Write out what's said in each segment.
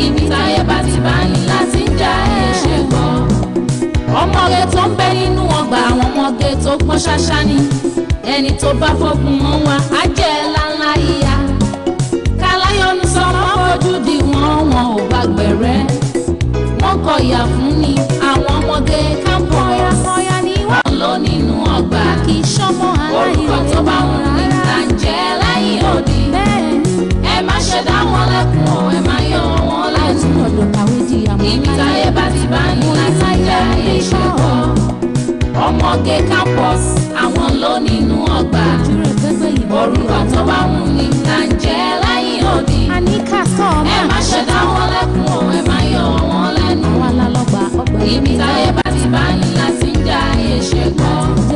ibi táyé bá ti bá ní láti ń jà ẹ̀ ṣe gbọ́. ọmọge tó ń bẹ nínú ọgbà àwọn ọmọge tó pọ́n ṣáṣá ni ẹni tó bá fọ́gun mọ́ wa á jẹ́ láńlá ìyá. káláyọ̀nù sọ wọ́n fojú di wọ́n wọn ò bá gbẹ̀rẹ́. wọ́n kọ ìyà fún ni àwọn ọmọge kápọ̀ ẹ̀kọ́yà ni wọ́n lọ nínú ọgbà. kì í ṣọmọ aláìní tó bá wọn ní ìtànjẹ láyé òde. ẹ má ṣe dá wọn lẹ́kùn ọ̀ ẹ má ló kàwé di àmọ́ láyé. ibi táyé bá ti bá ń yín láti jẹ́ iṣẹ́ kan ọmọge campus àwọn ló nínú ọgbà orúkọ tó bá wù ní là ń jẹ́ lẹ́yìn òdì. a ní ká sọ ọmọ. ẹ má ṣe wọn lẹ́kùn o ẹ má yọ wọn lẹ́nu. ibi táyé bá ti bá ń yín láti ń já iṣẹ́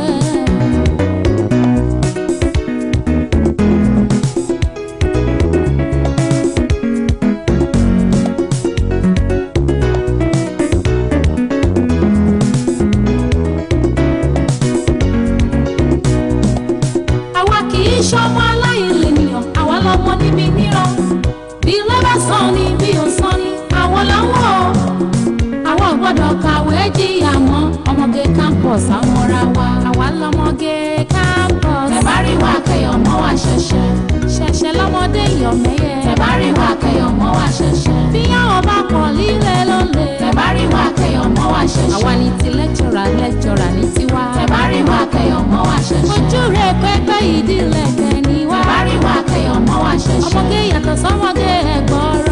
káàbọ̀ sámúra wa àwa lọ́mọge káàbọ̀ sámúra wa. tẹ̀bá rí wa kẹyọ̀ mọ́ wa ṣẹ̀ṣẹ̀. ṣẹ̀ṣẹ̀ lọ́mọdé ìyọ̀mẹ́yẹ. tẹ̀bá rí wa kẹyọ̀ mọ́ wa ṣẹ̀ṣẹ̀. bí yàwó bá pọ̀ líle ló lè. tẹ̀bá rí wa kẹyọ̀ mọ́ wa ṣẹ̀ṣẹ̀. àwa ni ti lẹ́kṣọ̀rà lẹ́kṣọ̀rà ní tiwa. tẹ̀bá rí wa kẹyọ̀ mọ́ wa ṣẹ̀ṣẹ̀. ojú rẹ̀ pẹ́pẹ́ ìdílé tẹ̀ ni wá. tẹ̀bá rí wa kẹyọ̀ mọ́ wa ṣẹ̀ṣẹ̀. ọmọge yàtọ̀ sọ́mọge ẹ̀gbọ́n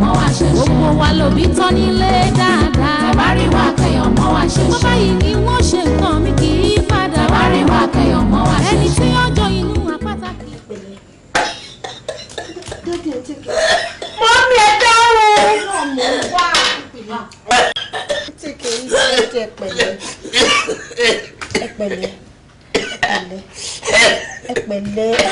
mọ́ wa ṣẹ̀ṣẹ̀. gbogbo wa lòbí tọ́ nílé dáadáa. bàbá rí wa kẹyàn mọ́ wa ṣẹ̀ṣẹ̀. bàbá yìí ni wọ́n ṣe nǹkan mi kì í padà. bàbá rí wa kẹyàn mọ́ wa ṣẹ̀ṣẹ̀. ẹni tí ọjọ́ inú àpáta kì í pèlè. mọ́mí ẹ dáhùn. ẹ pẹ̀lẹ́ ẹ pẹ̀lẹ́ ẹ pẹ̀lẹ́ ẹ pẹ̀lẹ́.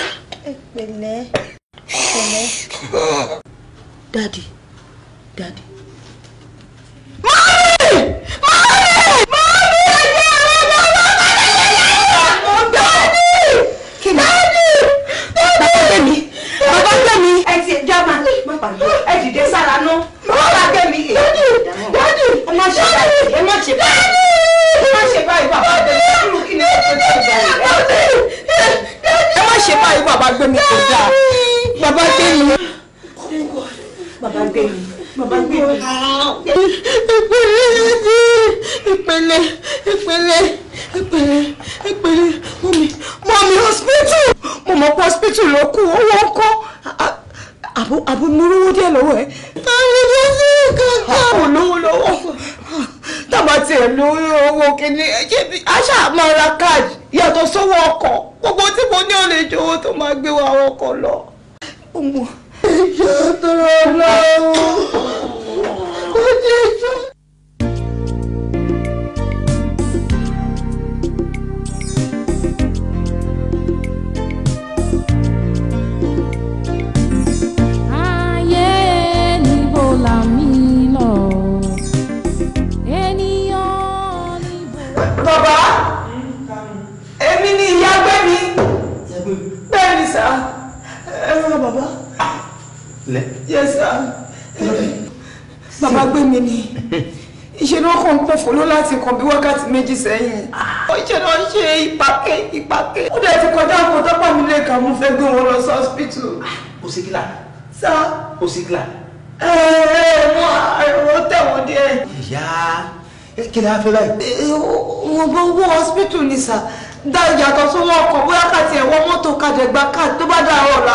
ṣe báyìí. mo bọ owó hospital ni sà dá ìyàtọ̀ sówó ọkọ̀ bóyá ká tiẹ̀ wọ mọ́tò kàdẹ̀gbà káàdì tó bá dà ọ̀la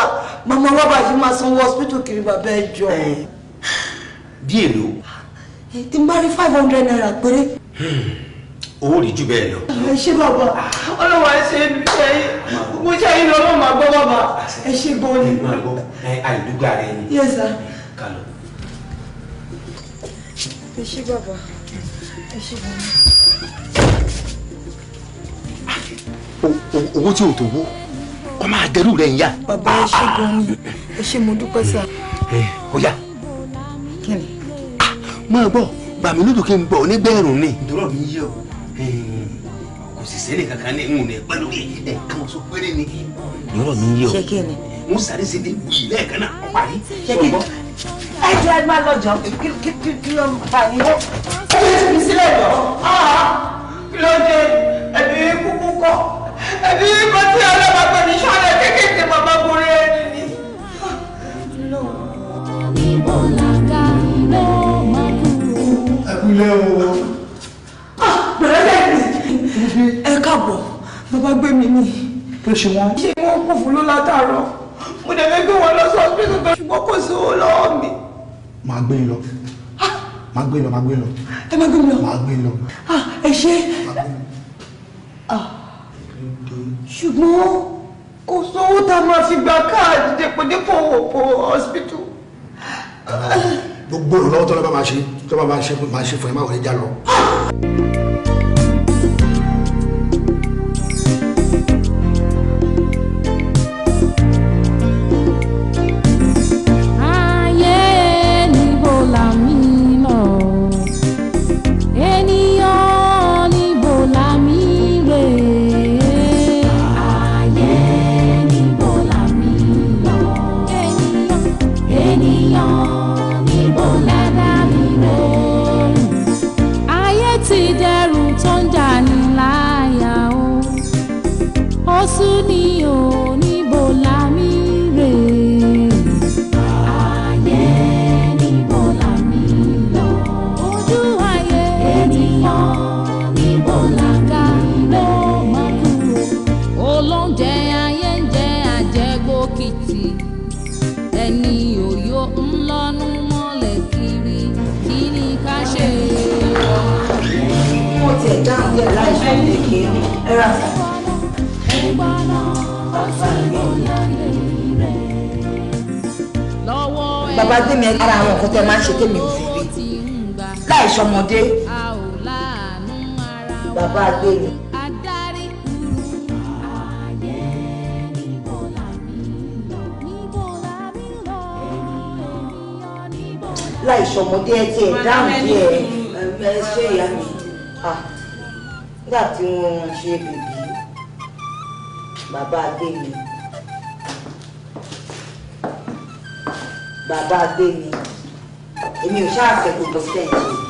màmá rọ́bà yìí máa sanwó hospital kiri bàbá ẹ jọ. bí èlò. tí n bá rí five hundred naira péré. Hmm, owó rí jù bẹ́ẹ̀ lọ. ẹ ṣé bàbá ọlọ́wà ẹ ṣe mo ṣe yín lọ́wọ́ màá gbọ́ bàbá ẹ ṣe gan ni. ẹ máa gbọ́ àìdúgba rẹ ni. yes sir. ká ẹ ṣé bàbá owó tí o tó wó kọ́ máa dẹrù rẹ̀ ń yá. bàbá ẹ ṣe gan ni ẹ ṣe mo dúpẹ́ sá. ẹ ó yá. kí ni. máa bọ̀ bàmí lódò kí n bọ̀ nígbẹ̀rún ni. ìdúró mi yí o kò sì sẹ́ni kankan ní ìhùn rẹ̀ pẹ̀lú ẹ̀ẹ̀kan oṣù péré ni. ìdúró mi yí o. ṣé kí ni. mo sáré ní gbìyànjú lẹ́ẹ̀kan náà ọ̀parí. ṣé kí ni ẹ jọ ẹ máa lọ́jọ́ kí kí kí ló ń pa yín. ẹ ṣe fi sílẹ̀ jọ ah, kí ló dé ẹ̀mí kúkú kọ́ ẹ̀mí kọ́ tí ọlọ́mọ pé ní sọ́ọ̀lẹ̀ kéékèèké bàbá borí ẹni ni. ẹ kúlẹ̀ o. Ah, bẹ̀rẹ̀ bẹ́ẹ̀ ni ẹ káàbọ̀ bàbá gbé mi ni. kí ló ṣe wọ́n. ṣé wọ́n kò fún ló látàárọ̀ mo dẹ̀ fẹ́ gbé wọn lọ sọ́ọ́sì pé ṣùgbọ́n kò sí owó lọ́wọ́ mi máa gbé yín lọ ah! máa gbé yín lọ máa gbé yín lọ. ẹ máa gbé mi lọ. máa gbé yín lọ. Ah! ẹ ṣe ah! ṣùgbọ́n kò sówó tá a máa fi gba káàdì dépòdépò òpó hospital. gbogbo ìrànlọ́wọ́ tó lọ́ bá máa ṣe tó bá máa ṣe fún ẹ má wọlé já lọ. máa gbé mi ara àwọn nǹkan tẹ́ máa ń ṣe kémi ò fèrè láì sọmọdé bàbá gbé mi. láì sọmọdé ẹ tiẹ̀ dáhùn díẹ̀ ẹ ṣe ìyá mi nígbà tí wọ́n ṣe bèbí bàbá gbé mi. bàbá gbé mi èmi ò ṣáà é gbogbo sẹ́yìn.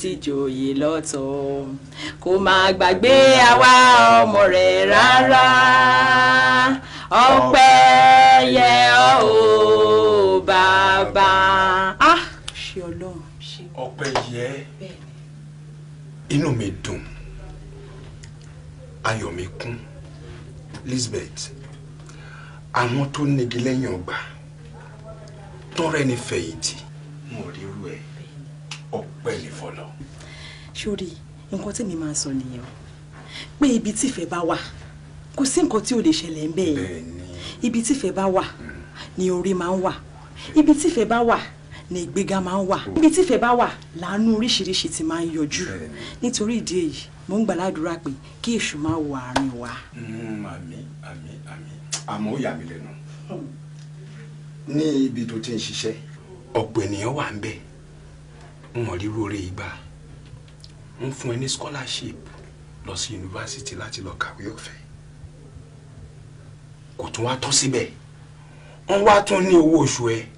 ti joyè lọ́tọ̀ kó máa gbàgbé àwa ọmọ rẹ̀ rárá ọpẹ́ yẹ ọ́ o bàbá. ọpẹ́ yẹ inú mi dùn ayọ̀ mi kún Lisbeth àwọn tó nígi lẹ́yìn ọgbà tọrẹ ní fẹ̀yìntì dúpẹ́ ní fọlọ́. sórí nǹkan tí mi máa ń sọ nìyẹn o pé ibi tífẹ̀ bá wà kò sí nǹkan tí ò lè ṣẹlẹ̀ ń bẹ́ẹ̀ ibi tífẹ̀ bá wà ni orí máa ń wà ibi tífẹ̀ bá wà ni ìgbéga máa ń wà ibi tífẹ̀ bá wà láàánú oríṣiríṣi ti máa ń yọjú nítorí ìdí èyí mo ń gbàládùra pé kí èṣù máa wọ àárín wa. Mm, àmín àmín àmín àmọ́ ó yà mí lẹ́nu ní ibi tó ti ń ṣiṣẹ́ ọ̀pọ̀ ènìyàn wà ń bẹ́ẹ̀ n mọ̀ rírú ìgbà ń fún ẹ ní scholarship lọ sí yunifásitì láti lọ kàwé ọ̀fẹ́ kò tún wá tán síbẹ̀ wọ́n wá tún ní owó oṣù ẹ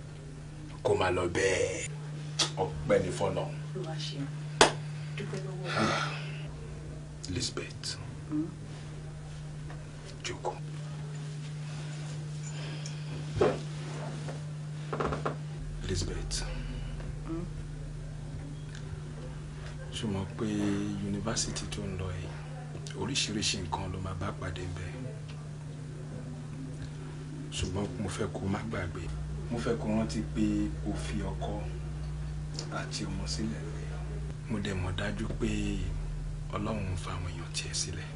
kó máa lọ bẹ́ẹ̀ ọpẹ́ ní fọ́nà. Ah. Lisbeth hmm? jókòó. Lisbeth. ṣùgbọ́n pé yunifásitì tó ń lọ yìí oríṣiríṣi nǹkan ló máa bá pàdé ń bẹ ṣùgbọ́n mo fẹ́ kó má gbàgbé mo fẹ́ kó rántí pé o fi ọkọ àti ọmọ sílẹ̀ mo dẹ̀ mọ̀ dájú pé ọlọ́run ń fa àwọn èèyàn tiẹ̀ sílẹ̀.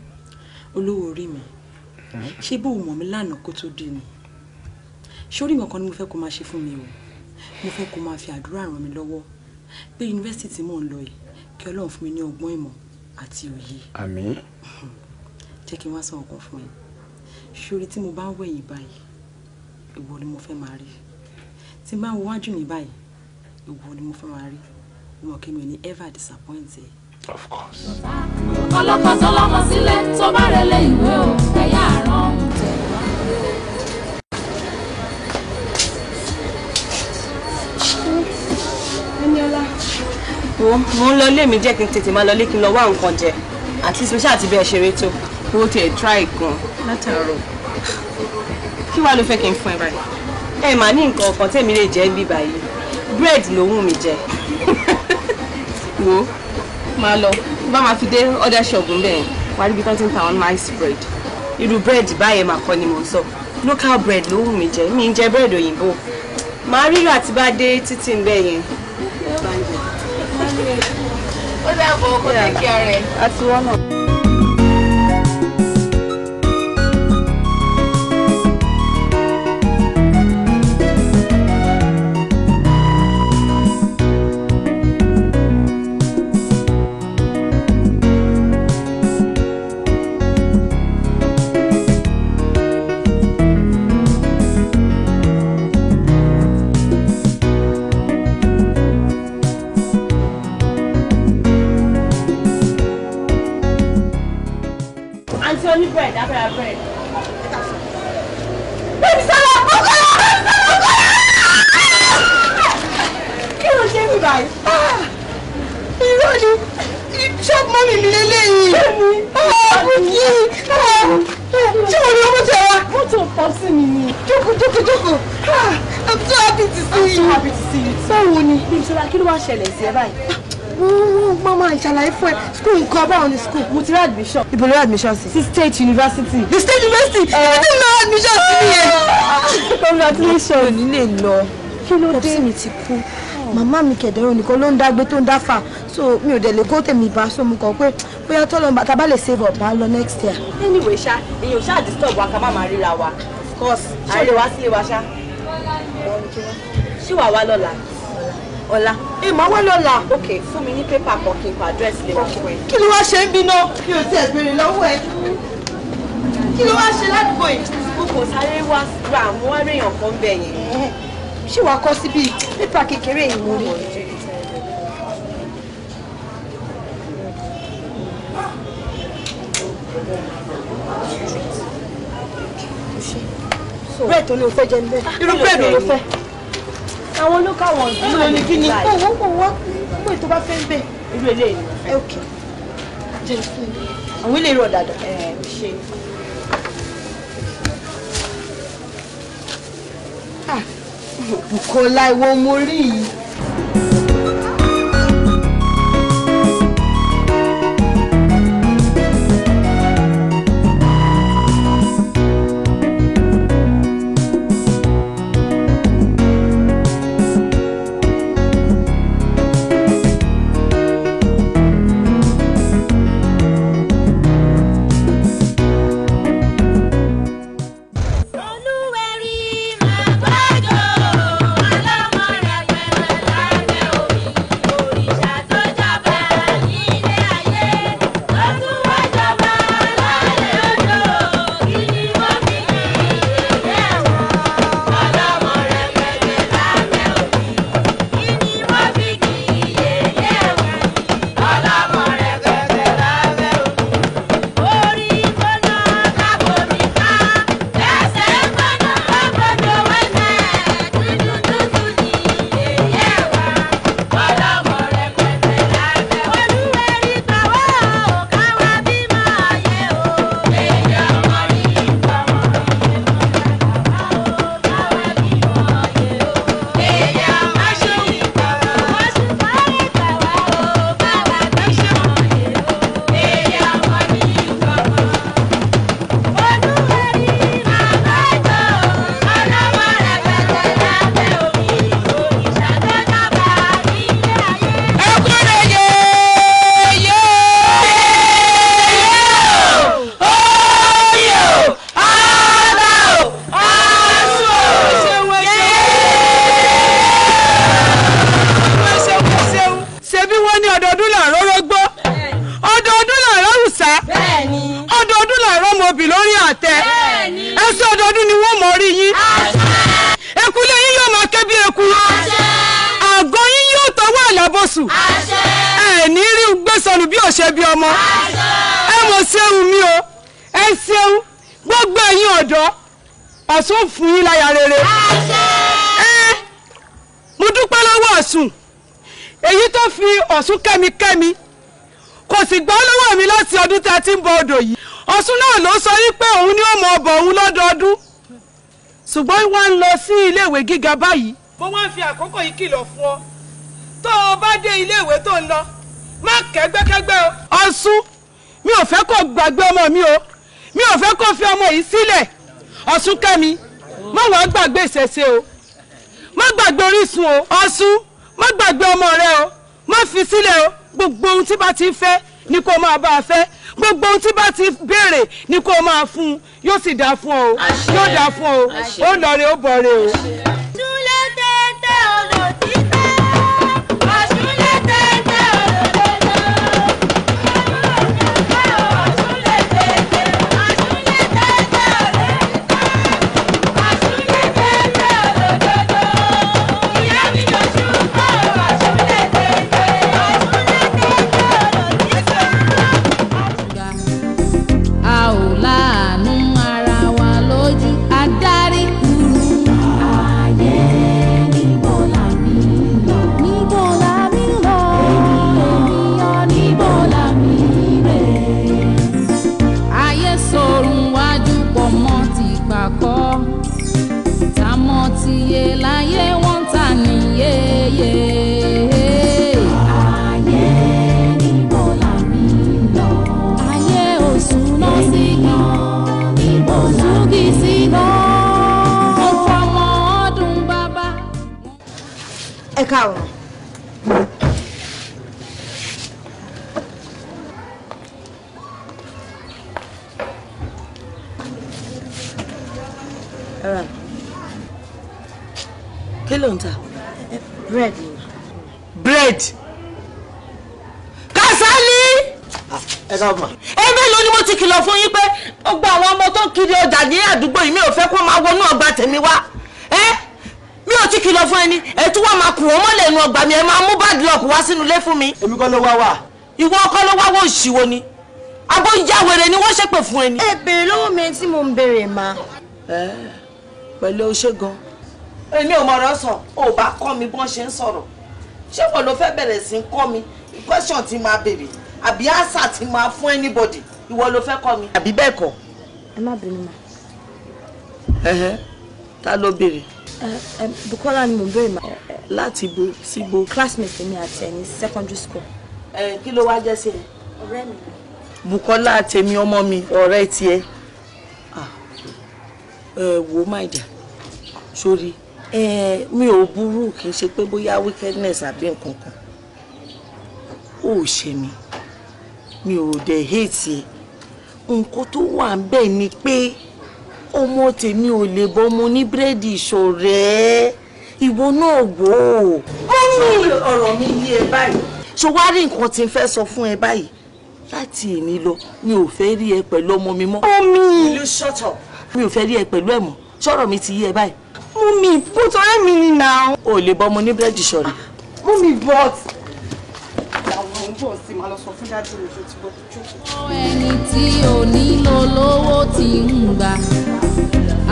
olówó orí mi ṣé bó o mọ̀ mí lánàá kó tó dé ni sórí nǹkan ni mo fẹ́ kó máa ṣe fún mi o mo fẹ́ kó máa fi àdúrà ràn mí lọ́wọ́ pé yunifásitì mò ń lọ yìí kí ọlọ́run fún mi ní ọgbọ́n ìmọ̀ àti òye. àmín. jẹ́ kí n wá sọ ọ̀kan fún ẹ ṣorí tí mo bá ń wẹ̀yìn báyìí ìwọ ni mo fẹ́ máa rí tí n bá ń wájú mi báyìí ìwọ ni mo fẹ́ máa rí o kí mi ò ní ever disappoint of course. ọlọ́kọ̀ tó sílẹ̀ tó bá rẹ̀ lé ìwé o. wo mo ń lọ ilé mi jẹ́ kí n tètè máa lọ ilé kí n lọ wá nǹkan jẹ àti special àti bẹ́ẹ̀ ṣeré tó owó tiẹ̀ try gan látàárọ̀ kí wàá ló fẹ́ kí n fún ẹ báyìí ẹ mà ní nǹkan ọkàn tèmi lè jẹ bí báyìí bread ló wù mí jẹ wo máa lọ bá máa fi dé ọ̀dà ṣọ̀bù bẹ́ẹ̀ wàá rí ibi tó ti ń ta àwọn nice bread irú bread báyẹn mà kọ́ ni mo sọ local bread ló wù mí jẹ mi ń jẹ bread òyìnbó màá rírà tí bá dé títí ń bẹ́ẹ̀ yẹn ó dàbọ̀ kó tẹ̀kí ara ẹ̀. àti wọ́n náà. mo ní bẹ̀rẹ̀ dábẹ́ra bẹ̀rẹ̀. bẹ́ẹ̀ni sọ́lá mo kọ́ ọ́ bẹ́ẹ̀ni sọ́lá mo kọ́ ọ́. kí ló ṣe mí báyìí. Ah! irọ́ ni ṣọ́ọ̀bù mọ́mì mi lélẹ́yìn. bẹ́ẹ̀ni ọ̀ọ́bùkì ah, ah! ṣé wọ́n ní ọmọ tẹ wá. mọ́tò pọ̀ sí mi ni. jókòó jókòó jókòó I'm so happy to see you. I'm so happy to see you. báwo ni. bí ìṣọ́ra kí ló wá ṣẹlẹ̀ sí ẹ báyìí. Mama, máa ṣàlàyé fún ẹ school nǹkan on the school mo ti rí admission. ibo ló admission sí. state university. the state university ibi tí mo admission sí nìyẹn. congratulations òní lè lọ kí ló dé mi ti kú màmá mi kẹ̀dẹ̀rún nìkan ló ń dágbé so mi ò dẹ̀ lè kó tèmi bá so mo kàn pé bóyá tọ́lọ́ bàtà bá lè save up bá lọ next year. anyway sha, èèyàn ṣáà disturb wa ká má máa ríra wa of course àárẹ̀ wá sílé wa ṣá ṣíwàá wa lọ́la ọ̀la ìmọ̀ wẹ́ lọ́la ok fún mi ní pépà kan kí n kọ address lè wá fún ẹ. kí ló wá ṣe ń bínú kí o tiẹ̀ béèrè lọ́wọ́ ẹ kí ló wá ṣe ládùúgbò yìí mo kò sáré wá ra àwọn aréèyàn kan bẹ̀ yẹn. ṣé wàá kọ́ síbi pépà kékeré yìí mo rí. Ah. búrẹ́dì tó ní o fẹ́ jẹ ní bẹ́ẹ̀ ah, irú búrẹ́dì fẹ́ àwọn olókà wọn ìlú ìlú ní kí ni owó kò wá mú ètò bá fẹ́ bẹ̀ irú eléyìí ẹ òkè jẹ fún mi àwọn ilé rọ dáadáa ẹ ṣe. Ah, Bùkọ́lá ìwọ mo rí yìí. ṣùgbọ́n wọ́n ń lọ sí iléèwé gíga báyìí. mo wá ń fi àkókò yìí kìlọ̀ fún ọ tó o bá dé iléèwé tó ń lọ má kẹ́gbẹ́kẹ́gbẹ́ o. ọ̀sùn mi ò fẹ́ kó gbàgbé ọmọ mi o mi ò fẹ́ kó fi ọmọ yìí sílẹ̀ ọ̀sùn kẹ́mi má wàá gbàgbé ìṣẹ̀ṣe o má gbàgbé orísun o ọ̀sùn má gbàgbé ọmọ rẹ o má fi sílẹ̀ o gbogbo ohun tí bá ti fẹ́ ni kó máa bá a fẹ́ gbogbo ohun tí bá ti béèrè ni kó o máa fún un yóò sì dá fún ọ yóò dá fún ọ ó lọ rè ó bọ̀ rè o. káàárọ̀. kí ló bread bread. Kasali. ẹ káàbọ̀. ẹgbẹ́ ló ni mo ti kìlọ̀ fún yín pé gbogbo àwọn ọmọ tó ń kiri ọjà ní àdúgbò yìí mi ò fẹ́ kó máa wọnú ọgbà tèmi wá kìlọ̀ fún ẹni ètò wa máa kù wọ́n mọ́lẹ̀ ẹnu ọgbà mi ẹ máa mú bad luck wá sínú ilé fún mi. èmi kọ́ ló wá wà. ìwọ kọ́ ló wá wọ òṣìwò ni abó yàwèrè ni wọ́n ṣépè fún ẹni. ẹ bèrè lọ́wọ́ mi tí mo ń bèrè mà. ẹ pẹ̀lú oṣé gan. èmi ò mọ̀rọ̀ sọ ò bá kọ́ mi bọ́n ṣe ń sọ̀rọ̀ ṣé wọ́n ló fẹ́ bẹ̀rẹ̀ sí í kọ́ mi question ti máa bèrè àbí answer ti máa fún anybody ìwọ ló fẹ́ kọ́ mi. àbí bẹ́ẹ̀ kọ́. ẹ má bínú mà. ẹhẹ ta ló béèrè. Eh, eh, Bukola ni mo bẹ̀rẹ̀ ma. Eh, láti bo síbo. classmate mi àti ẹni secondary school. ẹ kí ló wá jẹ́ sí ẹ. ọ̀rẹ́ mi. Bukola tèmi ọmọ mi ọ̀rẹ́ tiẹ̀. ẹ ah, wo máa jà sórí mi ò burú kì í ṣe pé bóyá wickedness àbí nǹkan kan ó ṣe mi mi ò dẹ̀ hate ẹ nǹkan tó wà ń bẹ̀ ni pé ọmọ tèmi ò lè bọ́ mo ní búrẹ́dì ìṣọ̀rẹ́ ìwọ náà wò ó. mọ́mí ọ̀rọ̀ mi yé ẹ báyìí. ṣé wàá rí nǹkan tí n fẹ́ sọ fún ẹ báyìí láti èmi lọ mi ò fẹ́ rí ẹ pẹ̀lú ọmọ mi mọ́. mọ́mí shut up. mi ò fẹ́ rí ẹ pẹ̀lú ẹ̀ mọ́ ṣọ́rọ̀ mi ti yé ẹ báyìí. mọ́mí bó tọrẹ mi ni nà án. ò lè bọ́ mo ní búrẹ́dì ìṣọ̀rẹ́. mọ́mí bọ́t ẹni tí ò nílò lówó ti ń gbà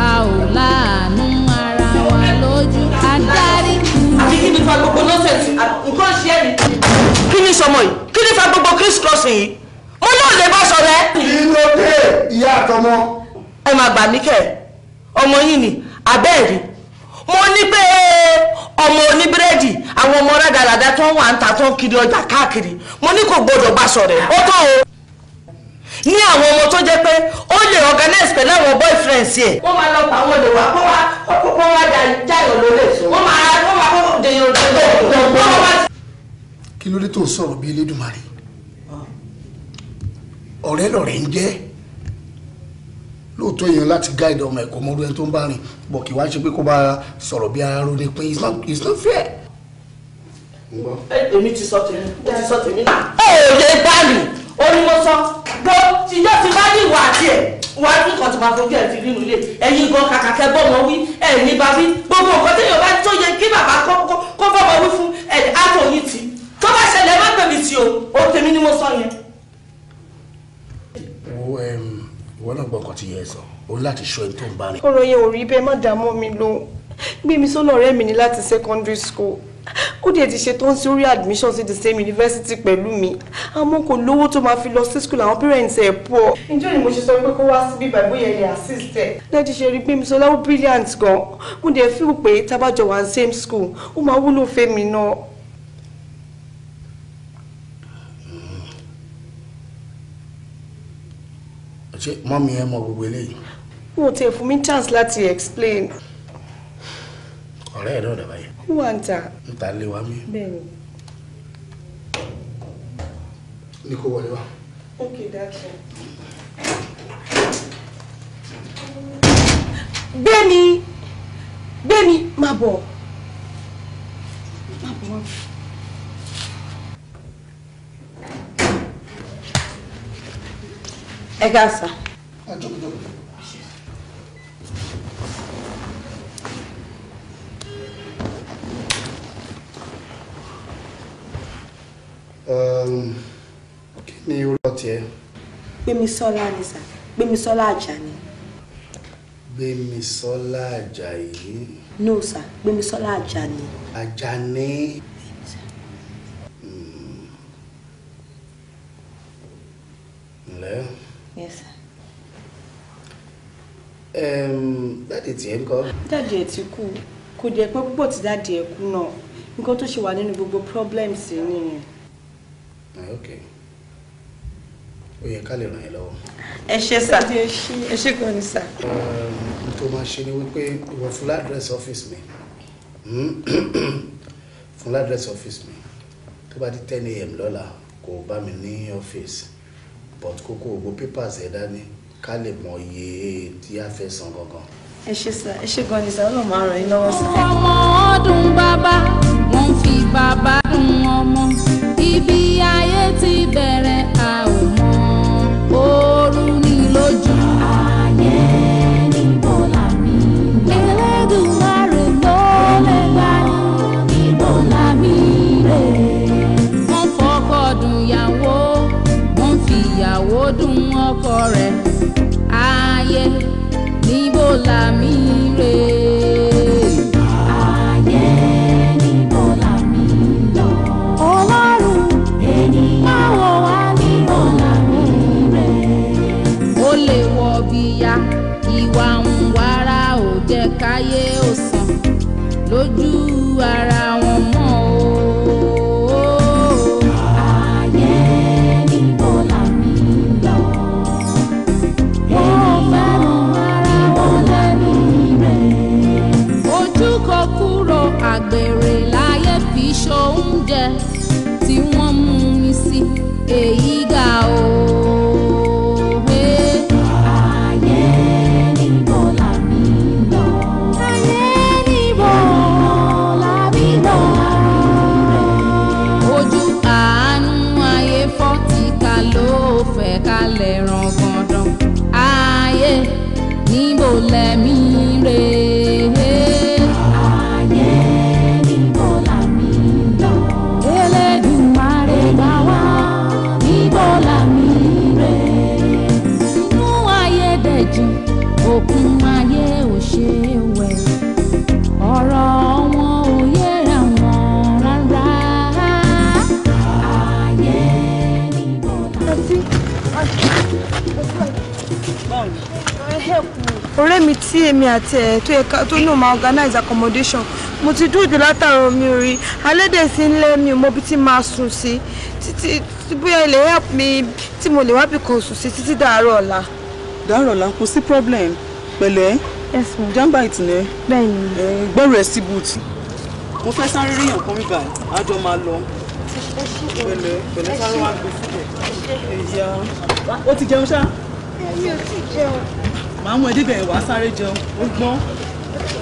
a ò láàánú ara wa lójú adarí. àti kí ni fa gbogbo nọ́sẹ̀sì nǹkan ṣe é mi. kí ni sọmọ yìí kí ni fa gbogbo criss yìí mo yóò lè bá sọ̀rọ̀ ẹ. kí ló dé ìyá àtọmọ. ẹ máa gbà mí kẹ ọmọ yìí ni abẹ́ẹ̀rí mo ní pé ọmọ oníbírẹ́dì àwọn ọmọ rádaràda tó ń wà ń ta tó ń kiri ọjà káàkiri mo ní kò gbọdọ̀ bá sọ̀rọ̀ ẹ ó tó o ní àwọn ọmọ tó jẹ́ pé ó lè organize pẹ̀lú àwọn boyfriends ẹ̀. wọ́n máa lọ pa àwọn kó wá kó wá jáyọ̀ lólè tó. wọ́n máa wọ́n máa kó dèyàn lólè tó. kí ló dé tó sọ̀rọ̀ bí elédùnmarè ọ̀rẹ́ lọ̀rẹ́ ń jẹ́ lóòótọ́ èèyàn láti guide ọmọ ẹ̀kọ́ ọmọdún ẹni tó ń bá rìn bọ̀ kí wá ṣe pé kó bá sọ̀rọ̀ bí ara ro ni pé it's not it's not fair. èmi ti sọ tèmi ó ti sọ tèmi náà. ó lè bá mi orí mo sọ bó ti yóò ti bá ní ìwà àti ẹ̀ wà ní nǹkan tó máa fojú ẹ̀ fi rí nulẹ̀ ẹ̀yin gan kàkà kẹ́ bọ́ wọn wí ẹ̀yin bá wí gbogbo nǹkan tí yorùbá tó yẹ kí bàbá kó bọ́ wọn wí fún àtọ̀ yìí tì tó bá ṣẹlẹ̀ má pèmí tì o ó tèmi ni mo sọ yẹn. wo ìwọ náà gbọ́ nǹkan tí yẹ sọ o ní láti ṣọ́ ẹni tó ń bá rìn. ọ̀rọ̀ yẹn ò rí bẹ́ẹ̀ má dààmú mi lóhùn gbé mi sọ́nà ọ̀rẹ́ mi ní láti secondary school ó dẹ̀ ti ṣe tó ń sórí admission sí the same university pẹ̀lú mi àmọ́ kò lówó tó máa fi lọ sí school àwọn parents ẹ̀ pọ̀. ǹjẹ́ ni mo ṣe sọ pé kó wá síbí bàbóyè ẹ̀ assist ẹ̀. lẹ́ẹ̀dì ṣe rí i sọlá ó brilliant gan mo dẹ̀ feel pé tábàjọ wà ní same school ó máa wúlò fẹ́mi náà. ṣe mọ́mí ẹ mọ gbogbo eléyìí. wọn ò tiẹ̀ fún mi chance láti explain. ọ̀rẹ́ ẹ̀ náà dàbáyé ó wà ń ta. ń ta lè wá mi. bẹ́ẹ̀ni. ok that's all. gbẹ́mi gbẹ́mi máa bọ̀ máa bọ̀ wá. ẹ gáàsà. jókòó jókòó. Um, kí ni orúkọ tiẹ̀. Gbémisọ́lá ni sà Gbémisọ́lá Àjàní. Gbémisọ́lá Àjàyí. no sà Gbémisọ́lá Àjàní. Àjàní. Hmm. ǹlẹ́. yes sà. dáàdì tiẹ̀ ń kọ́. dáàdì ẹ̀ ti kú kò jẹ́ pé púpọ̀ tí dáàdì ẹ̀ kú náà nǹkan tó ṣe wà nínú gbogbo problems nìyẹn okay ó yẹ ká lè ràn yín lọ́wọ́. ẹ ṣe sá ẹ ṣe kàn ní sá. n tó máa ṣe ni wípé ìwọ fún ládírẹ́sì ọ́fíìsì mi fún ládírẹ́sì ọ́fíìsì mi tó bá di ten a.m. lọ́la kò bá mi ní ọ́fíìsì but kókó ògbó papers ẹ̀ dání ká lè mọ iye tí a fẹ́ san gangan. ẹ ṣe sá ẹ ṣe gan ni sá ọlọ́run máa ràn lọ́wọ́ sá. ọmọ ọdún bàbá wọn fi bàbá dùn ọmọ ibi ayé ti bẹ̀rẹ̀. sí èmi àti ẹ̀ tó yẹ tó náà máa organize accommodation mo ti dúró de látàrọ mi ò rí alédè sí ń lé mi ò mọbi tí máa sùn sí títí bóyá ilẹ̀ help me. tí mo lè wá bí kan sùn sí títí dàárọ̀ ọ̀la. dàárọ̀ ọ̀la kò sí problem pẹ̀lẹ́ jàǹbá ìtìlẹ̀ gbọ́rọ̀ ẹ̀ sí bùtù mo fẹ́ sáré rí yàn kan rí báyìí àjọ máa lọ pẹ̀lẹ́ pẹ̀lẹ́ sáré wá gbé sílẹ̀ ó ti jẹun ṣá. èmi ò tí jẹun màá mú ẹdí bẹ̀rẹ̀ wá sáré jẹun ó gbọ́n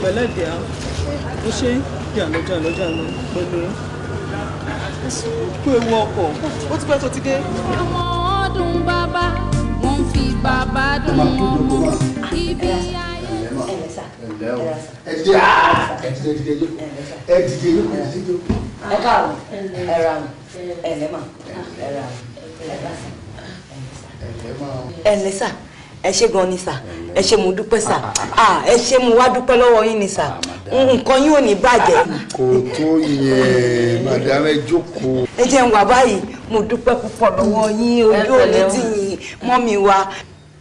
pẹ̀lú ẹ̀dẹ̀ á ó ṣe kí àlọ́jà àlọ́jà lọ pẹ̀lú kó ewu ọkọ̀ ó ti pẹ́ tó ti dé. ọmọ ọdún bàbá wọn ń fi bàbá dùn ọmọ ibi ayé. ẹ dìde ẹ dìde ẹ dìde ẹ dìde ẹ dìde. ẹ káàárọ̀ ẹ ra mi ẹ lẹ́mà ẹ ra mi ẹ lẹ́sà ẹ ṣé gan ni sà ẹ ṣé mo dúpẹ́ sà ẹ ṣé mo wá dúpẹ́ lọ́wọ́ yín ni sà ah, nǹkan yín ò ní bàjẹ́. kò tó yẹn madam ẹ jókòó. ẹ jẹ́ ń wà báyìí mo dúpẹ́ púpọ̀ lọ́wọ́ yín ojú òní tí yín mọ́ mi wá.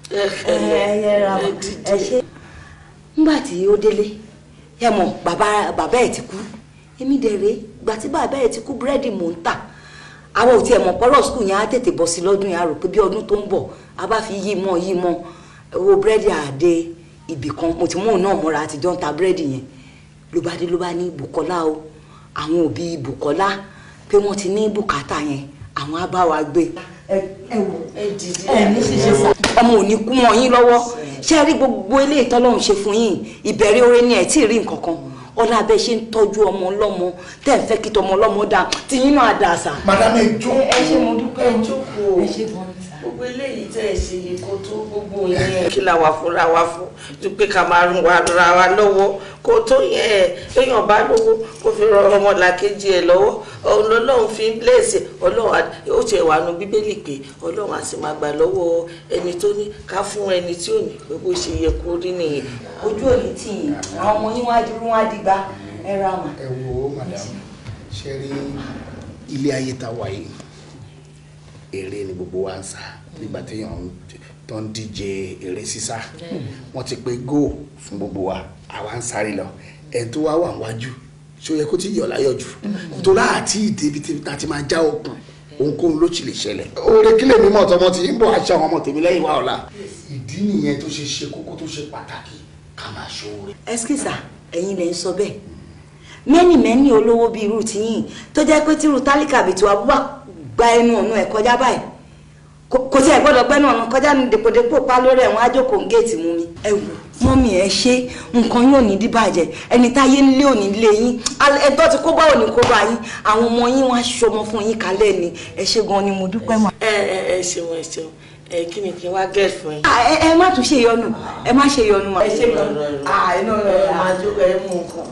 ẹ yẹra nígbà tí ó délé ẹ mọ̀ bàbá ẹ̀ ti kú èmi dẹ̀ rèé gbà tí bàbá ẹ̀ ti kú búrẹ́dì mò ń tà àwọn ò tiẹ̀ mọ̀ pọ́rọ̀ skul yẹn á tètè bọ́ sí lọ́dún yẹn á rò pé bí ọdún tó ń bọ̀ a bá fi yí mọ́ yí mọ́ owó búrẹ́dì àdé ibì kan mo ti mú òun náà mọ́ra àtijọ́ ń ta búrẹ́dì yẹn ló bá dé ló bá ní Bùkọ́lá o àwọn òbí Bùkọ́lá pé wọ́n ti ní bùkátà yẹn àwọn á bá wa gbé ọmọ ò ní kú mọ́ yín lọ́wọ́ ṣé ẹ rí gbogbo eléyìí tọ́lọ́run ṣe fún yín ìbẹ̀rẹ̀ oore ni ẹ̀ tí ì rí nǹkan kan ọlá abẹ ṣe ń tọ́jú ọmọ ọlọ́mọ tẹ́ ẹ fẹ́ kí tọmọ ọlọ́mọ dá tìyín náà dà sá. madame ẹ jókòó ẹ ṣe mo dúpẹ́ ẹ jókòó ẹ ṣe gan gbogbo eléyìí tẹ́ ẹ ṣe yìí kó tó gbogbo yẹn. kí la wà fúnra wa fún ju pé ká máa rún ara wa lọ́wọ́ kó tó yẹn ẹ̀ lóyún ọba lówó kó fi rọ ọmọ ẹ̀ lọ́wọ́ ọlọ́run fi ń ọlọ́run ó tiẹ̀ wà nù bíbélì pé ọlọ́run á sì máa gbà lọ́wọ́ ẹni tó ní ká fún ẹni tí ò ní pé ṣe yẹ kó rí nìyẹn. ojú òní tì àwọn ọmọ yín wá dúró wá dìgbà ẹ ra mà. ẹ wo madam ṣe rí ilé ayé ta wáyé eré ni gbogbo wa ń sá nígbà téèyàn tó ń díje eré sísá wọ́n ti pe goal fún gbogbo wa àwa ń sáré lọ ẹni tó wá wà wájú ṣó yẹ kó ti yọ̀ láyọ̀ jù mm-hmm. torí àti ìdèbí tá a ti máa já okùn ohunkóhun ló ti lè ṣẹlẹ̀. oore kí lèmi mọ̀ tọmọ ti ń bọ̀ àṣà àwọn ọmọ tèmi lẹ́yìn wa ọ̀la. ìdí nìyẹn tó ṣe ṣe kókó tó ṣe pàtàkì ká máa ṣoore. ẹsikísà ẹ̀yin lẹ ń sọ bẹ́ẹ̀ mẹ́nìmẹ́nì olówó bíi irú tiyín tó jẹ́ pé tírú tálíkà bìtú abúbá gba ẹnu ọ̀nà ẹ̀ kọjá báyìí kò sí ẹ̀ gbọ́dọ̀ gbẹ́nu kọjá ní dèpòdèpò pa lórí ẹ̀wọ̀n ajókòó ń géètì mú mi ẹ wò mọ́mí ẹ ṣe nǹkan yóò ní dìbàjẹ́ ẹni táyé nílé lé yín ẹ̀tọ́ ti kó bá ò kó bá yín àwọn ọmọ yín wá ṣọmọ fún yín ni ẹ ṣe ni mo dúpẹ́ mọ́. ẹ ẹ ẹ ṣeun ẹ ẹ kí ni kí n wá get fún yín. Ah, ẹ má tún ṣe yọnu ẹ má ṣe yọnu ma. ẹ ṣe kan ẹ ah, náà ẹ máa jókòó ẹ mú nǹkan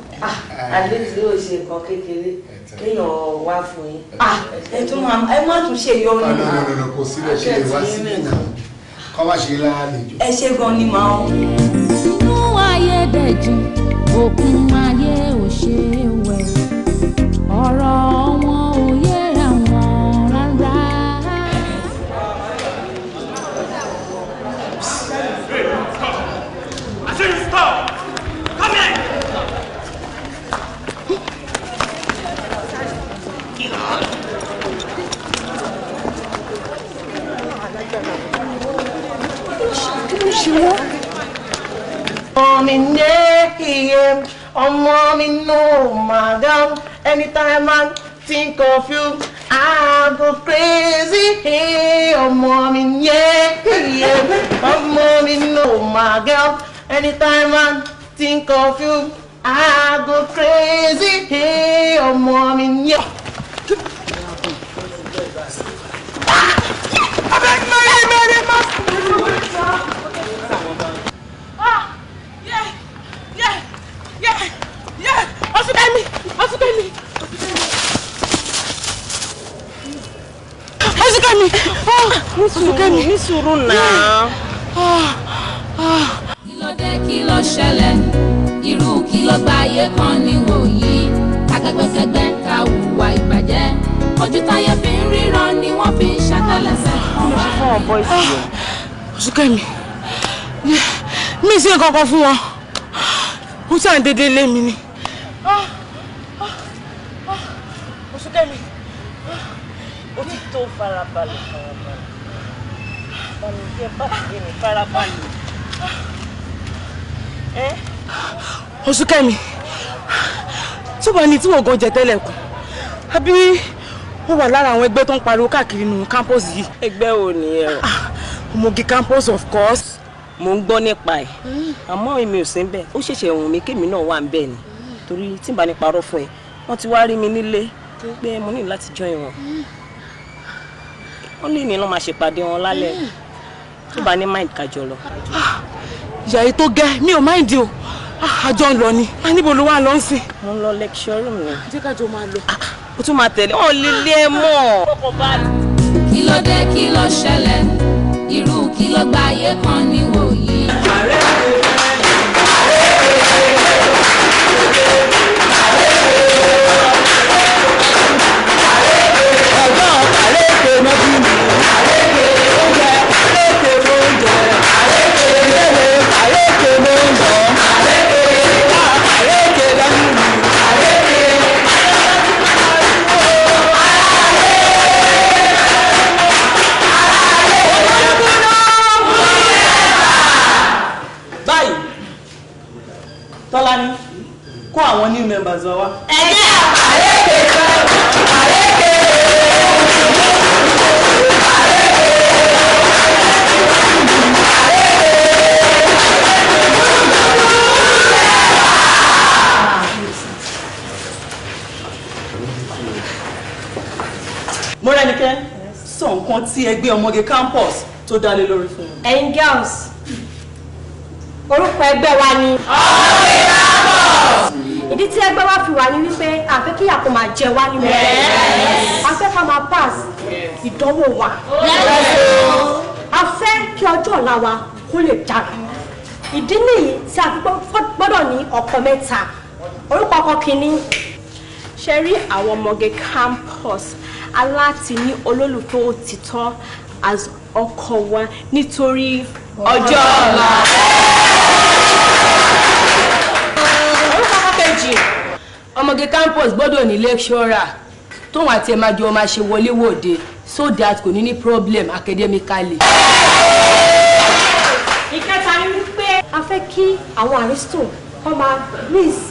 àlejò yóò ṣe nǹkan kékeré kéèyàn wá fún yín. Ah, ẹ tún máa ẹ má tún ṣe yọnu. ọ̀nà ọ̀nà kò sílẹ̀ ṣe wá sí ìlànà kọ́ má ṣe lálejò. ẹ ṣe gan ni màá. sínú ayé dẹ̀jú òkun ayé ò ṣe é wẹ̀ ọ̀rọ̀ Omin name, I'm mommy no madam. Anytime I think of you, I go crazy. Hey, I'm mommy yeah, yeah. I'm mommy no madam. Anytime I think of you, I go crazy. Hey, I'm mommy yeah. I beg my money, master. Ọ̀túnkẹ́mi Ọ̀túnkẹ́mi Ọ̀túnkẹ́mi Ọ̀túnkẹ́mi ní sùúrù náà. kí ló dé kí ló ṣẹlẹ̀ irú kí ló gba ayé kan níwò yìí agbẹ́gbẹ́sẹ̀gbẹ́ ká hùwà ìbàjẹ́ ojú táyé fi ń ríran ni wọ́n fi ń ṣàtẹ́lẹsẹ̀ fún wa. Ọ̀túnkẹ́mi mi sí nǹkan kan fún wọn me ó sàn dédé lé mi ni. Oṣùkẹ́mi ó ti tó farabalẹ̀ farabalẹ̀ balùwẹ̀ bá ti mi farabalẹ̀. Oṣùkẹ́mi tó bá ní tí wọ́n gan jẹ tẹ́lẹ̀ kù àbí ó wà lára àwọn ẹgbẹ́ tó ń pariwo káàkiri nù campus yìí. ẹgbẹ́ wo nìyẹn ah, o. ọmọge campus of course mò ń gbọ́ nípa ẹ̀ hmm. àmọ́ èmi ò sí ń bẹ̀ ó ṣẹ̀ṣẹ̀ wù mí kémi náà wà ń bẹ̀ ni hmm. torí tí n bá ní parọ́ fún ẹ wọ́n ti wá rí mi nílé hmm. pé mo ní láti jọ ìwọ̀n wọ́n ní lọ́ máa ṣèpàdé wọn lálẹ́ tó bá ní mind kájọ lọ. Ah, ìyá yìí tó gẹ́ mi ò mind o àjọ ah, ń lọ ni a níbo ló wà lọ ń sìn. mo ń lọ lecture room ni. jẹ́ kájọ máa lọ. Ah, o tún máa tẹ̀lé wọn lè lé ẹ mọ́. kí ló dé kí ló ṣẹlẹ̀ irú kí ló gbé ayé kan níwòyí. ààrẹ àwọn new members wa wá. ẹgbẹ́ àpàlẹ́kẹ̀ àpàlẹ́kẹ̀. mọ́rẹ́nikẹ́ sọ nǹkan tí ẹgbẹ́ ọmọge campus tó dá lé lórí fún mi. ẹ̀yin girls orúkọ ẹgbẹ́ wa ni. ọmọge ìdí tí ẹgbẹ́ wa fi wà ní wípé àfẹ́ kí yàtọ̀ máa jẹ wá nínú ẹgbẹ́ àfẹ́ ká máa pass ìdánwò wa àfẹ́ kí ọjọ́ ọ̀la wa kó lè dára ìdí nìyí tí a fi gbọ́dọ̀ ní ọkọ̀ mẹ́ta orúkọ ọkọ̀ kìíní ṣe rí àwọn ọmọge campus aláti ní olólùfẹ́ òtítọ́ as ọkọ wa nítorí ọjọ́ ọ̀la. ọmọge campus gbọ́dọ̀ ní lecturer tóun àti ẹ̀ máa jọ máa ṣe wọléwọ̀de so that kò ní ní problem academically. ìkẹta ni wípé a fẹ́ kí àwọn aristo wọ́n máa raise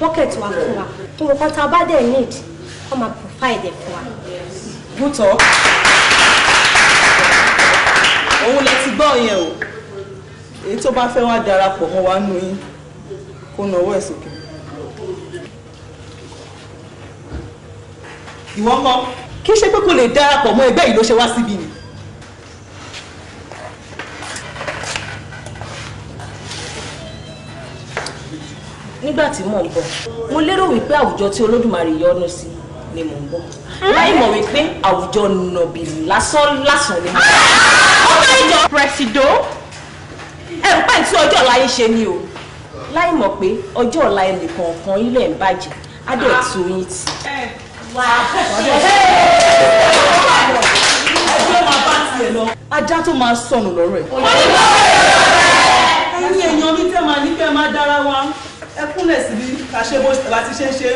pocket wa fún wa ohun kan tá a bá dẹ̀ need wọ́n máa provide ẹ̀ fún wa. bùtọ́ òun lè ti gbọ́ yẹn o èyí tó bá fẹ́ wá darapọ̀ mọ́ wa nù yín kó nawọ́ ẹ̀ sókè. ìwọ ńkọ́ kí ṣe pé kò lè darapọ̀ mọ́ ẹgbẹ́ yìí ló ṣe wá síbi ni. nígbà tí mò ń bọ̀ mo lérò wípé àwùjọ tí olódùmarè yọ́nú sí ni mò ń bọ̀ láì mọ̀ wípé àwùjọ nàbì lásán lásán ni mo. ọ̀gá ìjọ pẹ̀sìdò ẹ̀ ń pàǹtí ọjọ́ ọ̀la yín ṣe ni o láì mọ̀ pé ọjọ́ ọ̀la ẹnìkọ̀ọ̀kan ilẹ̀ ń bàjẹ́ á dẹ̀ tó yín tì ajá tó máa sọnù lọ́rọ̀ ẹ̀. ẹ̀yin èèyàn mi tẹ́ máa ní kẹ́ máa dára wa ẹ kúnlẹ̀ síbi kàṣe bó láti ṣe ń ṣe.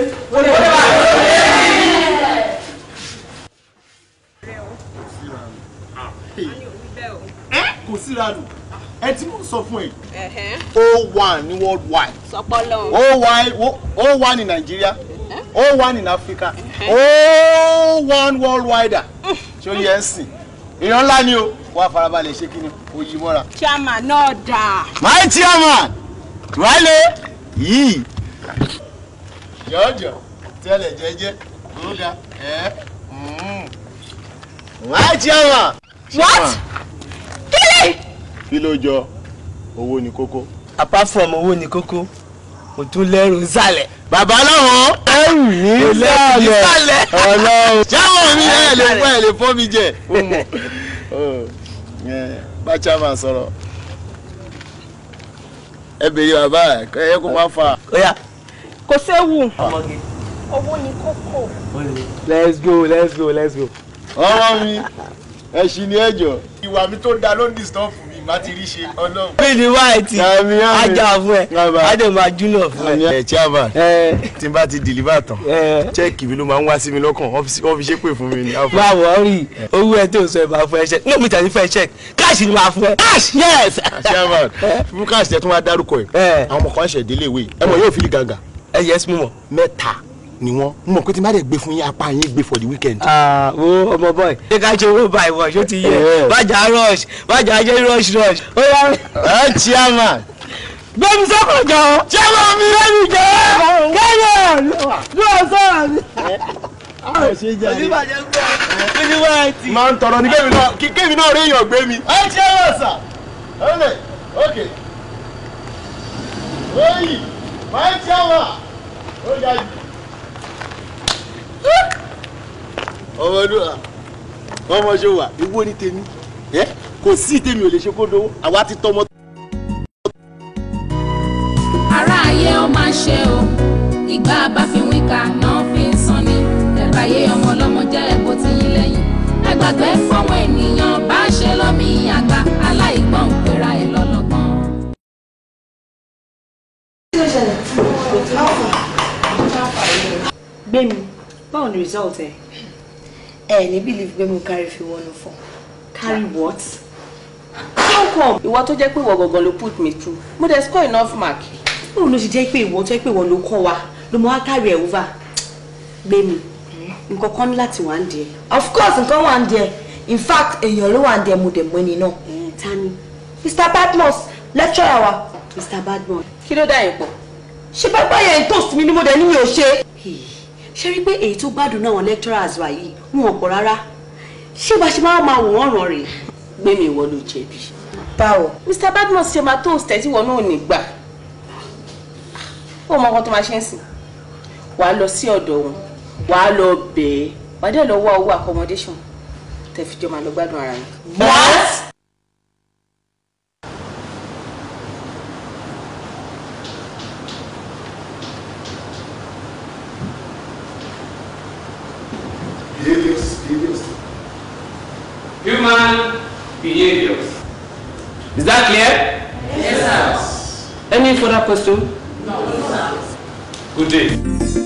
kò síra nù ẹ tí mo sọ fún ẹ o one ní worldwide o one o one ní Nàìjíríà o one ní Áfíríkà o one worldwide ṣé o yẹ ẹ sìn èèyàn ńlá ni o wàá farabalẹ̀ ṣe kí ni o yí mọ́ra. chairman náà dà. my chairman wálé yìí. jọ̀ọ́jọ̀ tẹ́lẹ̀ jẹ́jẹ́ ló dá mm. my chairman. what kí ló jọ owó ni kókó. apart from owó ni kókó mo tún lẹ́rù nsàlẹ̀. bàbá lọ́wọ́. ẹrù ní nsàlẹ̀ ọlọ́run. jáwọ́ mi ẹ̀ lè fọ́ ẹ̀ lè fọ́ mi jẹ. bá chairman sọ̀rọ̀ ẹ bèrè bàbá ẹ ẹ kó má fa. kò séwu owó ni kókó. let's go let's go let's go. ọmọ mi ẹ̀sìn ni ẹ̀jọ̀. ìwà mi tó da ló ń disturb mi má ti rí ṣe ọlọ́run. bíìlì wáìtì ajá fún ẹ adé máa júlọ fún ẹ. ẹ chairman tí n bá ti deliver tán chẹ́ẹ̀kì mi ló máa ń wá sí mi lọ́kàn wọ́n fi fún mi ní àfọ. máa rí owó ẹ tó sọ ẹ máa fún ẹ ṣe ní òmìtà ní fẹ́ ṣe káàṣì ni máa fún ẹ. cash yes. chairman fún káàṣì tẹ tún wá dárúkọ ẹ àwọn ọmọ ṣẹ̀ délé ìwé ẹ mọ̀ yóò fi gàgà. ẹ yẹ ẹ sí mímọ. mẹ́ta ni wọn mọ̀ pé tí má dẹ̀ gbé fún yín apá yín gbé for the weekend. Ah, wo ọmọ boy ṣé ká ṣe owó báyìí wọ̀ ṣó ti yẹ bàjá rush bàjá jẹ́ rush rush ó yá ẹ chairman. gbẹ̀mí sọ́kọ̀ jọ chairman mi lẹ́nu jẹ́ kẹ́lẹ́ lọ́wọ́ sọ́ra mi. oníbàjẹ́ gbọ́ oníwáyẹ̀tì. máa ń tọrọ ní kémi náà réèyàn gbé mi. ẹ chairman sà ọ̀lẹ̀ òkè oyi máa ń chairman ó yà jù ọmọdúnrà ọmọ ah, ṣe wà ìwọ ni tèmi kò sí tèmi ò lè ṣe kó dowó àwa ti tọmọ. ará ayé ọmọ ṣe o ìgbà abáfiwínká náà fi ń san ni ẹ̀ka ayé ọmọ ọlọ́mọ jẹ́ ẹ̀kọ́ tí yín lẹ́yìn àgbàgbẹ́ fọ́wọ́n ènìyàn bá ṣe lọ́mí àgbà aláìgbọ́n pera ẹ̀ lọ́lọ́gbọ́n. gbẹ̀mí báwo ni result ẹ. Eh, ní believe pé mo carry fi one oh four carry what. how come ìwọ to jẹ́ pé ìwọ gangan ló put me through mo dey score enough mark. báwo ló ṣe jẹ́ pé ìwọ tó jẹ́ pé ìwọ ló kọ́ wa ló mọ wá carry ẹ̀ over gbé mi nǹkan kan ní láti wà ń of course nǹkan wà ń di in fact èèyàn ló wà ń di ẹ mo dẹ̀ mọ ẹni náà. ẹ mr badmus lecture hour. mr badmus. kilo ló dá yẹn pọ̀. ṣé bàbá yẹn ń tòsí mi ni mo dẹ̀ ní mi ò ṣe ṣe rí pé èyí tó gbádùn náà wọn lecturers wa yìí wọn ọ̀pọ̀ rárá ṣé bá ṣe máa máa wò wọ́n ràn rè gbé mi ìwọ ló jẹ̀bi. báwo Mr. Badmus ṣe máa toast ẹ tí wọn náà ní gbà ó mọ ọkàn tó máa ṣe ń sìn wàá lọ sí ọ̀dọ̀ wọn wàá lọ bẹ̀ẹ́ wàá dẹ̀ lọ wá owó accommodation tẹ̀fíjọ́ máa lọ gbádùn ara yẹn. human behaviors. Is that clear? Yes, sir. Any further question? No, sir. Good day.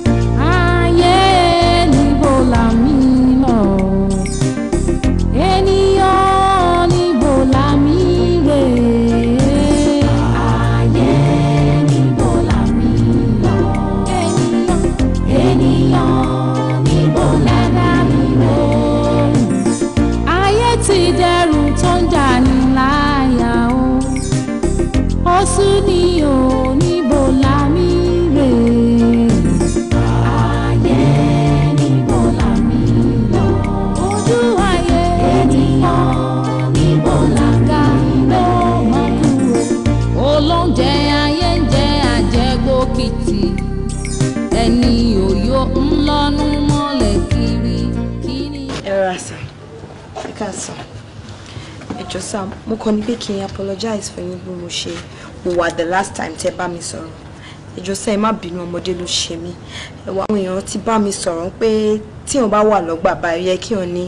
Sam, mo kàn ní pé kí n apologize for yín bí mo ṣe wà the last time tẹ́ bá mi sọ̀rọ̀. Ẹjọ́ sẹ́ ẹ má bínú ọmọdé ló ṣe mí. Ẹ̀wọ̀n àwọn èèyàn ti bá mi sọ̀rọ̀ pé tí wọ́n bá wà lọ́gbà báyìí yẹ kí wọ́n ní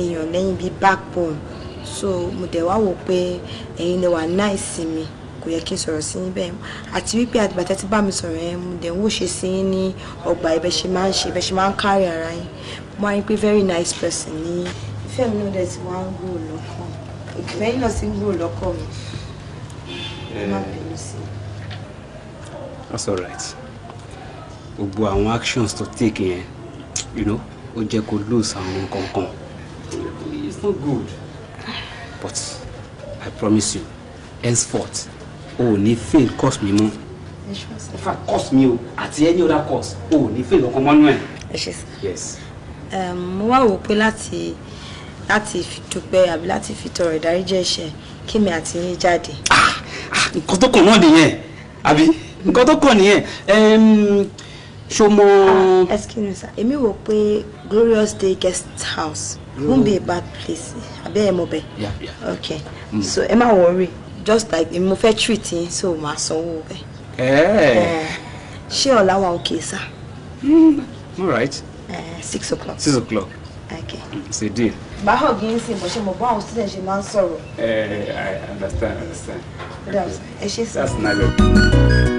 èèyàn lẹ́yìn bíi backbone. So mo dẹ̀ wá wò pé ẹ̀yin lè wà náìsí mi kò yẹ kí n sọ̀rọ̀ sí yín bẹ́ẹ̀ àti wípé àgbà ti bá mi sọ̀rọ̀ yẹn mo dẹ̀ ń wò ṣe sí yín ní ọgbà ibẹ̀ ṣe máa ń ṣe ibẹ̀ ṣe máa ń kárí ara yín. Mo máa ń pé very nice person ní ìfẹ́ mi náà dẹ̀ ti wá ń gbòòlò kan lẹ́yìn náà sí ń gbòòrò mi eh, that's all right gbogbo àwọn actions to take yẹn you know ó jẹ́ kó lose àwọn kankan it's not good but i promise you henceforth o ò ní fail course mi mọ́ in fact course mi o àti any other course o ò ní fail ọkọ mọ́nú ẹ̀. yes. mo wá wò ó pé láti láti fi dúpẹ́ àbí láti fi tọrọ ìdáríjì ẹ̀ṣẹ̀ kí mi àti yín jáde. Ah, ah, nǹkan tó kàn náà nìyẹn àbí nǹkan tó kàn nìyẹn ṣo mo. Ah, excuse me sir èmi wò pé glorious day guest house won't be a bad place abẹ́ ẹ̀ mọ̀ bẹ́ẹ̀. ok mm. so ẹ má worry just like mo fẹ́ treat yín so màá sanwó bẹ́ẹ̀. Eh. Eh. ṣé ọ̀la wa òkè sá. all right. Uh, six o'clock. six o'clock. okay. Mm, it's a deal bá hàn kí n sìn mọ̀ bọ́ àwọn student ṣe máa ń sọ̀rọ̀. ẹ eh, ẹ i understand understand. ẹ ṣe sọ. that's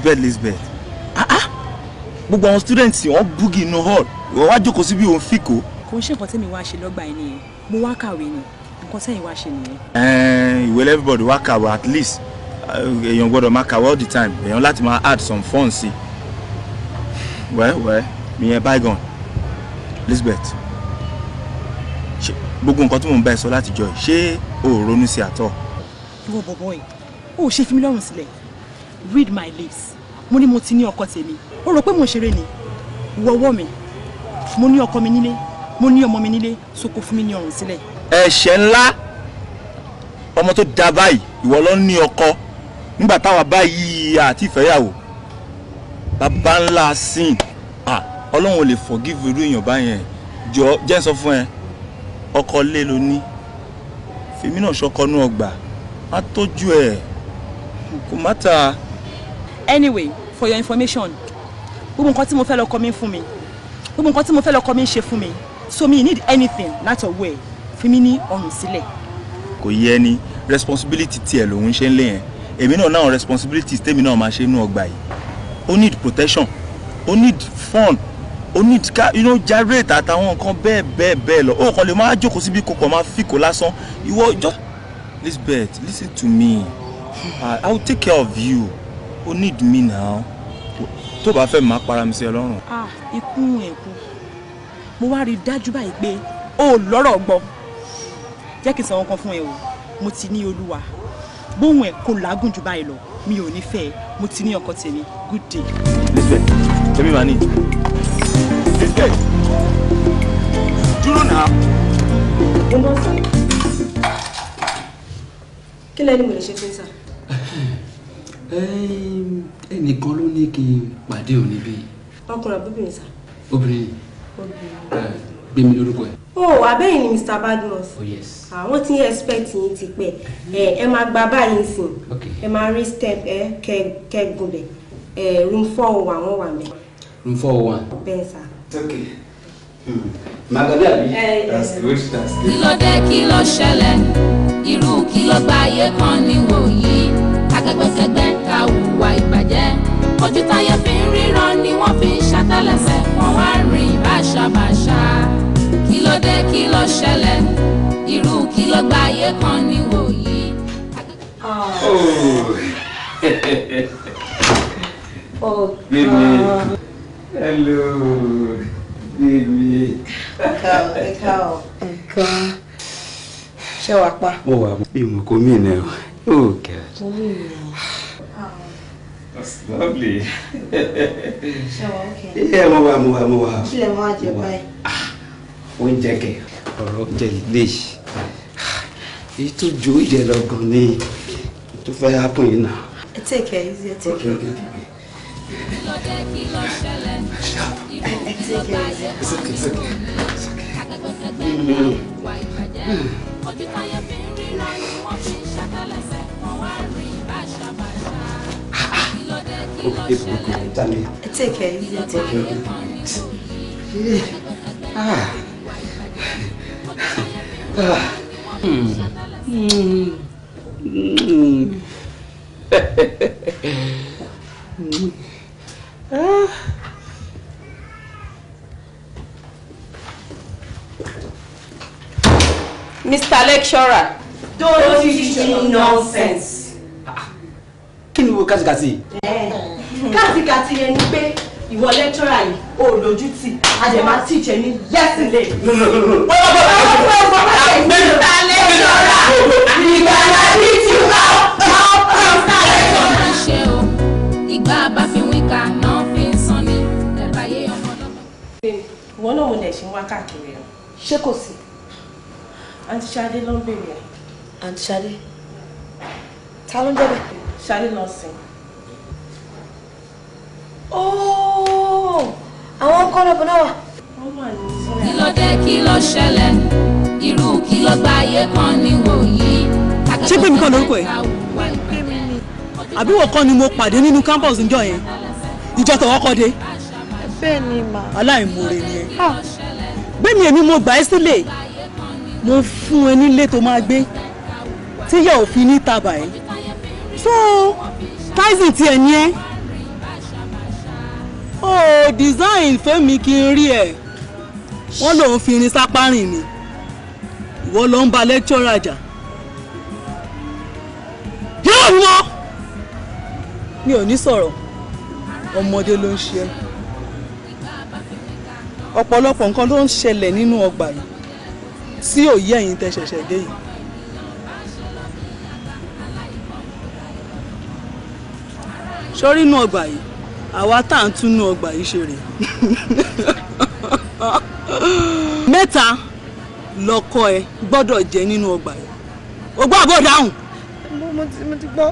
Lisbeth Lisbeth ah ah gbogbo àwọn students wọn búgì inú hall ìwọ wá jókòó síbi òun fìkó. kò ń ṣe nǹkan tẹ́mi wá ṣe lọ́gbà yìí nìyẹn mo wá kàwé ni nǹkan tẹ́yìn wá ṣe nìyẹn. ìwé everybody wá kàwé at least èèyàn gbọ́dọ̀ máa kàwé all the time èèyàn láti máa add some fun sí i wẹ́wẹ́ ìyẹn bygone Lisbeth gbogbo nǹkan tí mò ń bá ẹ sọ láti jọ ṣé o ò ronú sí àtọ. ìwọ bọ̀bọ̀ yìí o ò ṣe fi mí lọ́rùn sílẹ̀ read my lips mo ní mo ti ní ọkọ tèmi ó rò pé mo ṣeré ni wọ ọwọ́ mi mo ní ọkọ mi nílé mo ní ọmọ mi nílé so kò fún mi ní ọrùn sílẹ̀. ẹ̀ṣẹ̀ ńlá ọmọ tó da báyìí ìwọ ló ní ọkọ nígbà táwa báyìí àti ìfẹ́yàwó bàbá ńlá sin ọlọ́run ò lè forgive irú èèyàn báyẹn jọ jẹ́ ń sọ fún ẹ ọkọ lé ló ní fèmí náà ṣọkọ nú ọgbà á tọ́jú ẹ kò má ta anyway for your information gbogbo nǹkan tí mo fẹ́ lọ kọ́ mi fún mi gbogbo nǹkan tí mo fẹ́ lọ kọ́ mi ṣe fún mi so me need anything láti ọwọ́ way. fi mí ní ọrùn sílẹ̀. kò yẹ ni responsibility tiẹ̀ lòun ṣe ń lé yẹn èmi náà náà responsibilities tèmi náà máa ṣe inú ọgbà yìí ó need protection ó need fund ó need ka you know generate àtàwọn nǹkan bẹ́ẹ̀ bẹ́ẹ̀ bẹ́ẹ̀ lọ ó kàn lè máa jókòó síbi kòkò máa fìkò lásán ìwọ just Lisbeth listen to me I will take care of you o need me now tó bá fẹ́ máa para mi sí ẹ ah ikú ẹ̀kú mo wá rí i dájú báyìí pé o ò lọ́rọ̀ gbọ́ jẹ́ kí n sanwó kan fún ẹ o mo ti ní olúwa bóun ẹ̀ kò lágùn jù báyìí lọ mi ò ní fẹ́ ẹ mo ti ní ọkọ tèmi good day. lisbeth èmi màá ní. lisbeth dúró náà. kí lẹ́ni mo lè ṣe fún sáà ẹnìkan ló ní kí n pàdé òní bí. ọkùnrin àbúbìnrin sá. obìnrin gbé mi lórúkọ ẹ. o abẹ́yìn ni Mr. Badmus. oh yes. àwọn tí ń expect yín ti pẹ́ ẹ máa gba báyìí sìn ẹ máa rí step ẹ kẹ́gùn bẹ̀ ẹ room four one, oh one wọ́n wà mẹ́. room four oh one. bẹ́ẹ̀ sá. okay magali hmm. abi that's good that's good. kí ló dé kí ló ṣẹlẹ̀ irú kí ló gbáyé kan níwò yìí akẹgbẹ́sẹ̀gbẹ́ ojú táyé fi ń ríran ni wọ́n fi ń ṣàtẹ́lẹsẹ̀ wọ́n wá rìn báṣabàṣá kí ló dé kí ló ṣẹlẹ̀ irú kí ló gba ayé kan níwòyí. Oh, bébí, hello, bébí. Ẹ̀ka ọ̀, ẹ̀ka ọ̀. Ẹ̀ka ṣé wàá pa. Mo wà mí kò mí nẹ o. Oh God. Mo That's lovely. Sure. okay? Yeah, move, move, move, wà mo wà. Kí lè máa jẹ báyìí? Ah, oúnjẹ kẹ̀, ọ̀rọ̀ oúnjẹ lè. Ah, èyí tó ju oúnjẹ lọ gan ni tó fẹ́ take care, easy, ẹ take care. Kí ló dé kí It's okay, it's okay. It's okay. Akẹ́kọ̀ọ́-kẹ́gbẹ́ hmm. hmm. hmm. Okay, okay, darling. Take care, easy. Take care. Okay. Ah. Ah. Hmm. Hmm. Hmm. ah. Mr. Lecturer, don't teach me nonsense kí ni wo kásìkásì. Eh, kásìkásì yẹn ni pé ìwọ lẹ́tọ́rà yìí ò lójú tì a jẹ̀ ní yẹ́sìlẹ̀. ìwọ náà wo lẹ̀ ṣe ń wá káàkiri ẹ̀ ṣé kò sí. àǹtí Ṣadé ló ń bèrè ẹ̀. àǹtí Ṣadé ta ló ń jẹ́ bẹ́ẹ̀. Ṣadé nursing. Oh, I kan lọ́bọ̀ náà wà. Kí ló dé kí ló ṣẹlẹ̀? Irú kí ló gba ayé kan ni wò yìí? Ṣé pèmí kan lórúkọ ẹ̀? Àbí wò kọ́ ni mo pàdé nínú campus níjọ́ yẹn? Ìjọ tọ̀wọ́ kọ́ dé. Bẹ́ẹ̀ ni mà. Aláìmoore ni ẹ. Ah. Gbẹ́mi èmi mo gbà ẹ́ sílẹ̀. Mo fún ẹ nílé tó máa gbé. Tíyẹ̀ òfin ní tàbà ẹ̀ so tyson tiẹ̀ ni ẹ́ o design fẹ́mi kí n rí ẹ̀ wọ́n lòun fi irin sápárìn ni ìwọ ló ń ba lẹ́kítọ́rà jà yóò wọ́n mi ò ní sọ̀rọ̀ ọmọdé ló ń ṣe ẹ́ ọ̀pọ̀lọpọ̀ nǹkan ló ń ṣẹlẹ̀ nínú ọgbà yìí sí òye ẹ̀yin tẹ́ ṣẹ̀ṣẹ̀ dé yìí sórí inú ọgbà yìí àwa tá à ń tún inú ọgbà yìí ṣe rè mẹ́ta lọkọ ẹ gbọ́dọ̀ jẹ́ nínú ọgbà yìí o gbọ́ àbọ̀ dáhùn. mo ti gbọ́.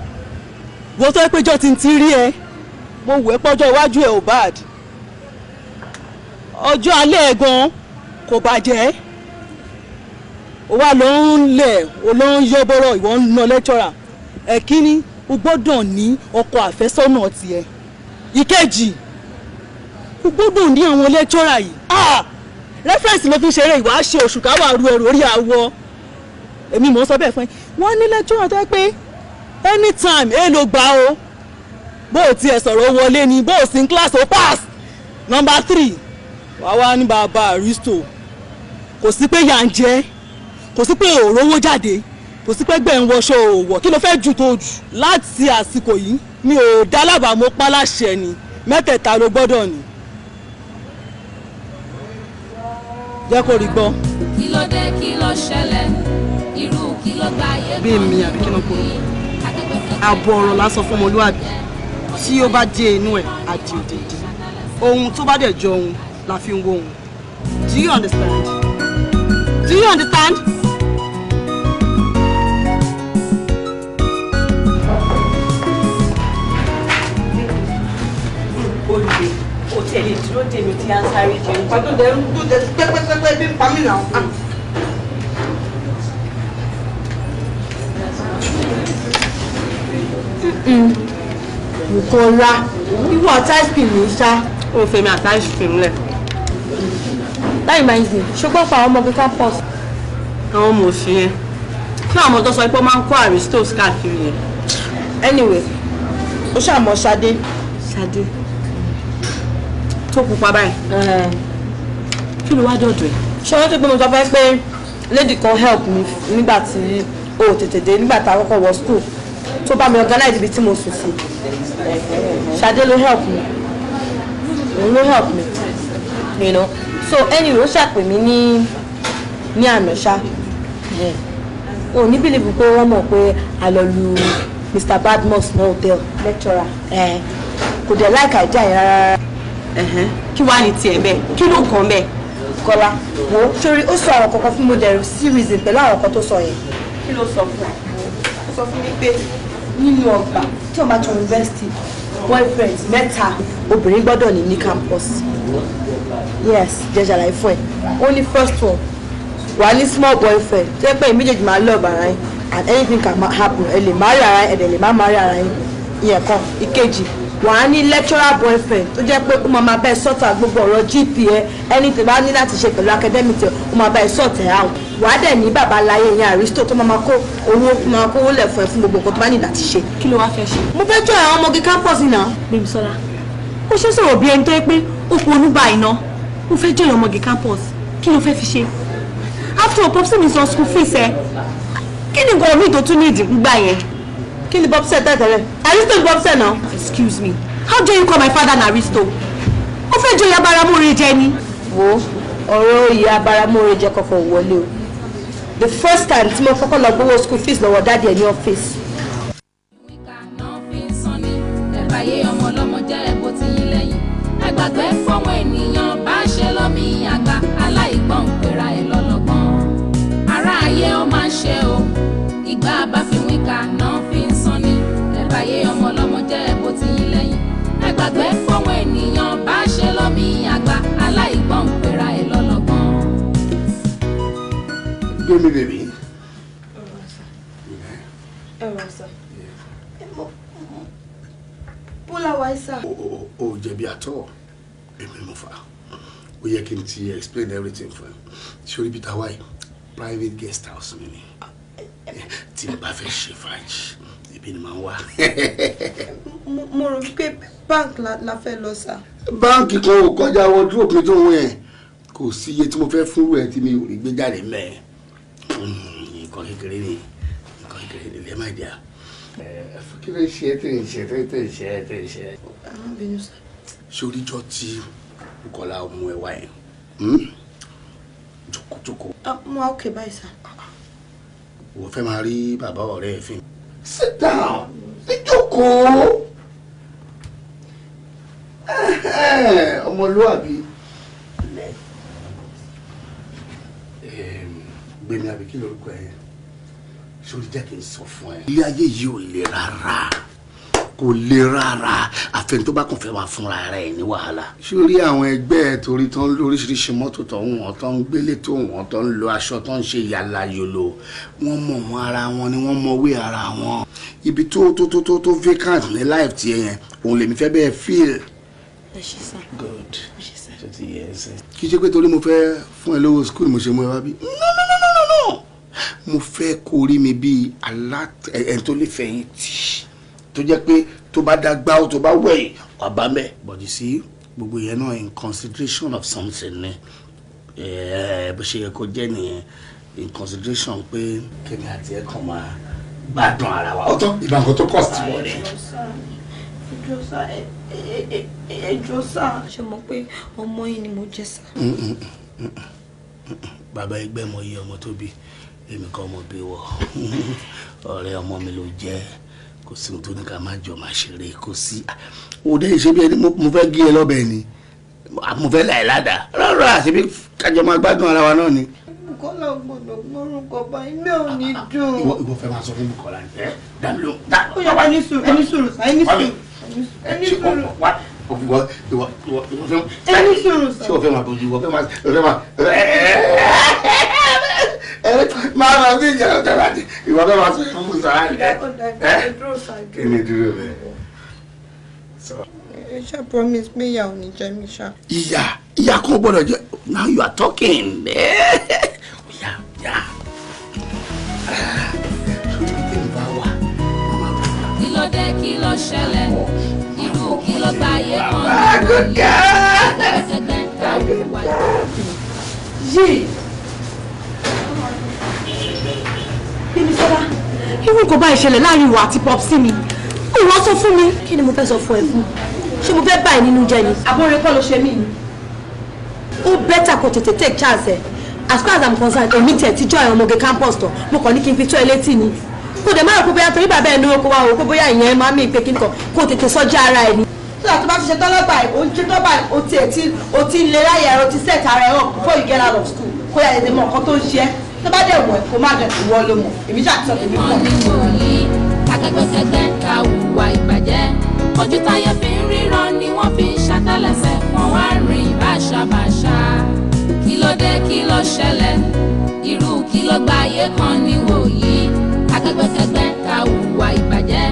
wo tó ti ń ti rí ẹ mo wù iwájú ẹ ò bad gan kò ló ń ló ń ìwọ ń o gbọ́dọ̀ ní ọkọ àfẹ́sọ́nà tiẹ̀ ìkejì o gbọ́dọ̀ ní àwọn lẹ́tọ́rà yìí ah! rẹ́fẹ̀rẹ́nsì ló fi ṣeré ìwà ṣe oṣù káwá ru ẹrù orí awọ èmi mò ń sọ bẹ́ẹ̀ fún ẹ wọ́n ní lẹ́tọ́rà tó pé anytime ẹ ló gbà o bó o tiẹ̀ sọ̀rọ̀ wọlé ni bó o sì ń class o pass number three wàá wá ní bàbá àrísò kò sí pé yà ń jẹ kò sí pé òróró jáde kò sí pé gbẹ̀ ń wọṣọ òwò kí ló fẹ́ jù tó jù láti àsìkò yìí mi ò dá lábàámọ́ páláṣẹ ni mẹ́tẹ̀ẹ̀ta ló gbọ́dọ̀ ni jẹ́ kó rí gbọ́. kí ló dé kí ló ṣẹlẹ̀ irú kí ló gba ayé kan. bí mi àbí kí ló kó àbọ̀ ọ̀rọ̀ lásán fún ọmọlúwàbí tí ó bá dé inú ẹ̀ àti òdèdè ohun tó bá dẹ̀ jọ ohun la fi ń wo ohun do you understand do you understand. tí a ń sáré jẹun. Nǹkan tó dẹ̀ tó dẹ̀ pẹ́pẹ́pẹ́ bí ń pa mí náà. Nǹkan ra wíwọ̀ ice cream ní sá. O fẹ́ mi àti ice cream lẹ̀. That me, ṣùgbọ́n pa àwọn ọmọ kíkà pọ̀ sí. Àwọn ọmọ òṣì yẹn. Fún àwọn tó sọ pé ó máa ń kó àrísítò káàkiri yẹn. Anyway, ó ṣàmọ̀ Ṣadé. Ṣadé tó pupa báyìí. kí ló wá dọ̀dọ̀ ẹ̀. ṣé wọ́n ti gbé mi sọ fẹ́ pé lady kan help me. nígbà tí o tètè dé nígbà tá a kọ́kọ́ wọ school tó bá mi organize ibi tí mo sùn sí Ṣadé ló help me, òun ló help me, you know so anyway ó ṣàpè mí ní ní àná ṣá o ní bìlìbù pé wọ́n mọ̀ pé a lọ lu Mr. Badmus ní hotel lecturer kò dẹ̀ láìka ìjà yẹn rárá kí wàá ní tiẹ̀ bẹ́ẹ̀ kí ló ń kàn bẹ́ẹ̀. kọ́lá wo sori ó sọ àwọn kankan fún mo dẹ̀rù series pẹ̀lú àwọn kan tó sọ yẹn. kí ló sọ fún ẹ sọ fún mi pé nínú ọgbà tí ọba tó yunifásitì boyfriend mẹ́ta obìnrin gbọ́dọ̀ ní ní campus yes jẹjẹ àlàyé fún ẹ ó ní first one wà ní small boyfriend tó yẹ pé méjèèjì máa love ara yín and anything can happen ẹ lè marry ara yín ẹ dẹ̀ lè má marry ara yín ìyẹn kan ìkejì wàá ní lecturer boyfriend tó jẹ́ pé ó máa máa bá ẹ sọ́tà gbogbo ọ̀rọ̀ gp ẹ ẹni tó bá ní láti ṣe pẹ̀lú academic tẹ ó máa bá ẹ sọ́tà ẹ àwọn wàá dẹ̀ ní bàbá láyé yẹn àrísítò tó máa kó owó máa kó owó lẹ̀ fún ẹ fún gbogbo nǹkan tó bá ní láti ṣe. kí ló wáá fẹ́ ṣe. mo fẹ́ jọ àwọn ọmọge campus náà. bíbí sọlá ó ṣe sọ̀rọ̀ bí ẹni tó yẹ pé ó ponú bá iná mo fẹ́ jọ àwọn ọmọge campus kí ló fẹ́ fi ṣe after all popsi mi sọ school fees ẹ kí ni nǹkan mi tó tún ní ìdí gbà yẹn kí ni bob said tẹ́tẹ̀rẹ̀ aristo ni bob said now. excuse me how dare you call my father an aristo ó fẹ́ jẹ́ ìyá baramore jẹ Oh, wo ọ̀rọ̀ ìyá baramore jẹ kọ̀kọ̀ wọlé the first time tí mo kọ́kọ́ lọ gbowó school fees lọ́wọ́ dáàdi ẹ̀ ní ọ́fíìsì. ayé ọmọ ọlọ́mọ jẹ́ ẹ̀bùn tí yín lẹ́yìn ẹgbàgbẹ́ me, baby. All right, sir. Yeah. All right, sir. Yeah. Bọ́lá wáyé sá. O ò jẹ̀bi àtọ̀, èmi mo fà. Ó explain everything fún ẹ. Sori Peter Wai, private guest house mi ni. Tí n bá fẹ́ ṣe fàájì, ibi ni màá bank la fẹ́ lọ sá. Báǹkì kan ò kọjá wọ́dúrò pé tó ń wọ̀ yẹn. Kò sí iye tí mo fẹ́ fún rẹ̀ tí mi ò nǹkan kékeré ni nǹkan kékeré ni ilé máa dìá. kí ló ṣe tó ń ṣe tó ń ṣe tó ń ṣe. ṣoríjọ tí Bùkọ́lá ọmọ ẹ wá yẹn hm? jókòó jókòó. Ah, mo á òkè báyìí sá. wò fẹ́ máa rí bàbá ọ̀rẹ́ ẹ fín. sit down jókòó ọmọlúwàbí. Gbémi àbí kí lorúkọ ẹ sórí jẹ́ kí n sọ fún ẹ. ilé ayé yìí ò le rárá kò le rárá àfẹn tó bá wá fúnra rẹ̀ ní wàhálà. sórí àwọn ẹgbẹ́ ẹ torí tán lóríṣiríṣi mọ́tò tó ń wọ́n tó ń gbélé tó wọ́n tó ń lo aṣọ tó ń ṣe yàlà yòlò wọ́n mọ̀ wọ́n ara wọn ni wọ́n mọ̀wé ara wọn. ibi tó tó tó tó tó vacant ní life tiẹ̀ yẹn òun lèmi fẹ́ bẹ́ẹ̀ feel. good ẹ ṣe ṣe pé torí mo fẹ́ fún ẹ lówó school mo ṣe mú ẹ wá bí. no no mo fẹ́ kó rí mi bíi ẹni tó lè fẹ̀yìn tì tó jẹ́ pé tó bá dá gbá tó bá wẹ̀yìn wà bá mẹ́ but you see gbogbo yẹn náà in consideration of something ni eh, bó ṣe yẹ kó jẹ́ nìyẹn in consideration pé kẹ́mi àti ẹ̀ kàn máa gbádùn ara wa. ọtọ ìbànkàn tó cost wọ ni. ẹjọ sá ẹjọ sá ṣe mọ̀ pé ọmọ yìí ni mo jẹ sá. Mm, mm, mm, baba ẹgbẹ́ mọ iye ọmọ tó bí èmi kan ọmọ bí wọ ọ̀rẹ́ ọmọ mi ló jẹ́ kò sí ohun tó ní ká má jọ má ṣeré kò sí òde ìṣe bí ẹni mo fẹ́ gé ẹ lọ́bẹ̀ ni mo fẹ́ láì ládàá rárá àṣebí kájọ máa gbádùn ara wa náà ni. Bùkọ́lá gbọ́dọ̀ gbórúkọ bá ilé ò dùn. ìwọ fẹ́ máa sọ fún Bùkọ́lá ni ẹ dàbí ló. ó yọ ẹni sùúrù ẹni sùúrù ẹni sùúrù ẹni sùúrù ìwọ ìwọ ìwọ ìwọ fẹ́ ẹni sọ̀rọ̀ sọ̀rọ̀ tí o fẹ́ máa bójú ìwọ fẹ́ máa o fẹ́ máa ẹ̀rẹ́ máa máa bí ìjà ọ̀tẹ̀ láti ìyá kan gbọ́dọ̀ jẹ now you are talking. yeah, yeah ló dé kí ló ṣẹlẹ̀ irú kí ló gba ayé kan nínú ilé ẹgbẹ́ ìgbà ìwà yìí. Bímisọ́lá, irú kò bá ìṣẹ̀lẹ̀ láàrin ìwà àti pọ̀pì sí mi. Ìwọ sọ fún mi. Kí ni mo fẹ́ sọ fún ẹ fún? Ṣé mo fẹ́ bá ẹ nínú jẹ ni? Àbúrò kọ́ ló ṣe mí Ó bẹ́tà kó tètè take chance ẹ̀. As far as I'm concerned, èmi tẹ̀ tíjọ́ ẹ̀ ọmọge campus tán. Mo kàn ní kí n fi tó ẹ létí ni kó dẹ̀ má rò pé bóyá torí bàbá ẹ̀ ló kó wa o pé bóyá ìyẹn máa mí pé kíni kan kó tètè sọ́jà ara ẹ̀ ni. sọ́dà tó bá ti ṣe tọ́lọ́gbà ẹ̀ ó ń ṣe tọ́gbà ẹ̀ ó tiẹ̀ tí ó ti lè ráyà ẹ̀ ó ti set ara ẹ̀ hàn before you get out of school kó yà tètè mọ nǹkan tó ń ṣe ẹ́ tó bá dẹ̀ wọ̀ ẹ̀ kó má dẹ̀ wọ́ ló mọ̀ èmi ṣàtúnṣe tèmi pọ̀ ojú táyé fi ń ríran ni wọ́n fi ń ṣàtẹ́lẹsẹ̀ wọ́n wá rìn báṣabàṣa kí ló dé kí ló ṣẹlẹ̀ irú kí ló gba ayé kan níwòye akẹgbẹ́kẹgbẹ́ ká hùwà ìbàjẹ́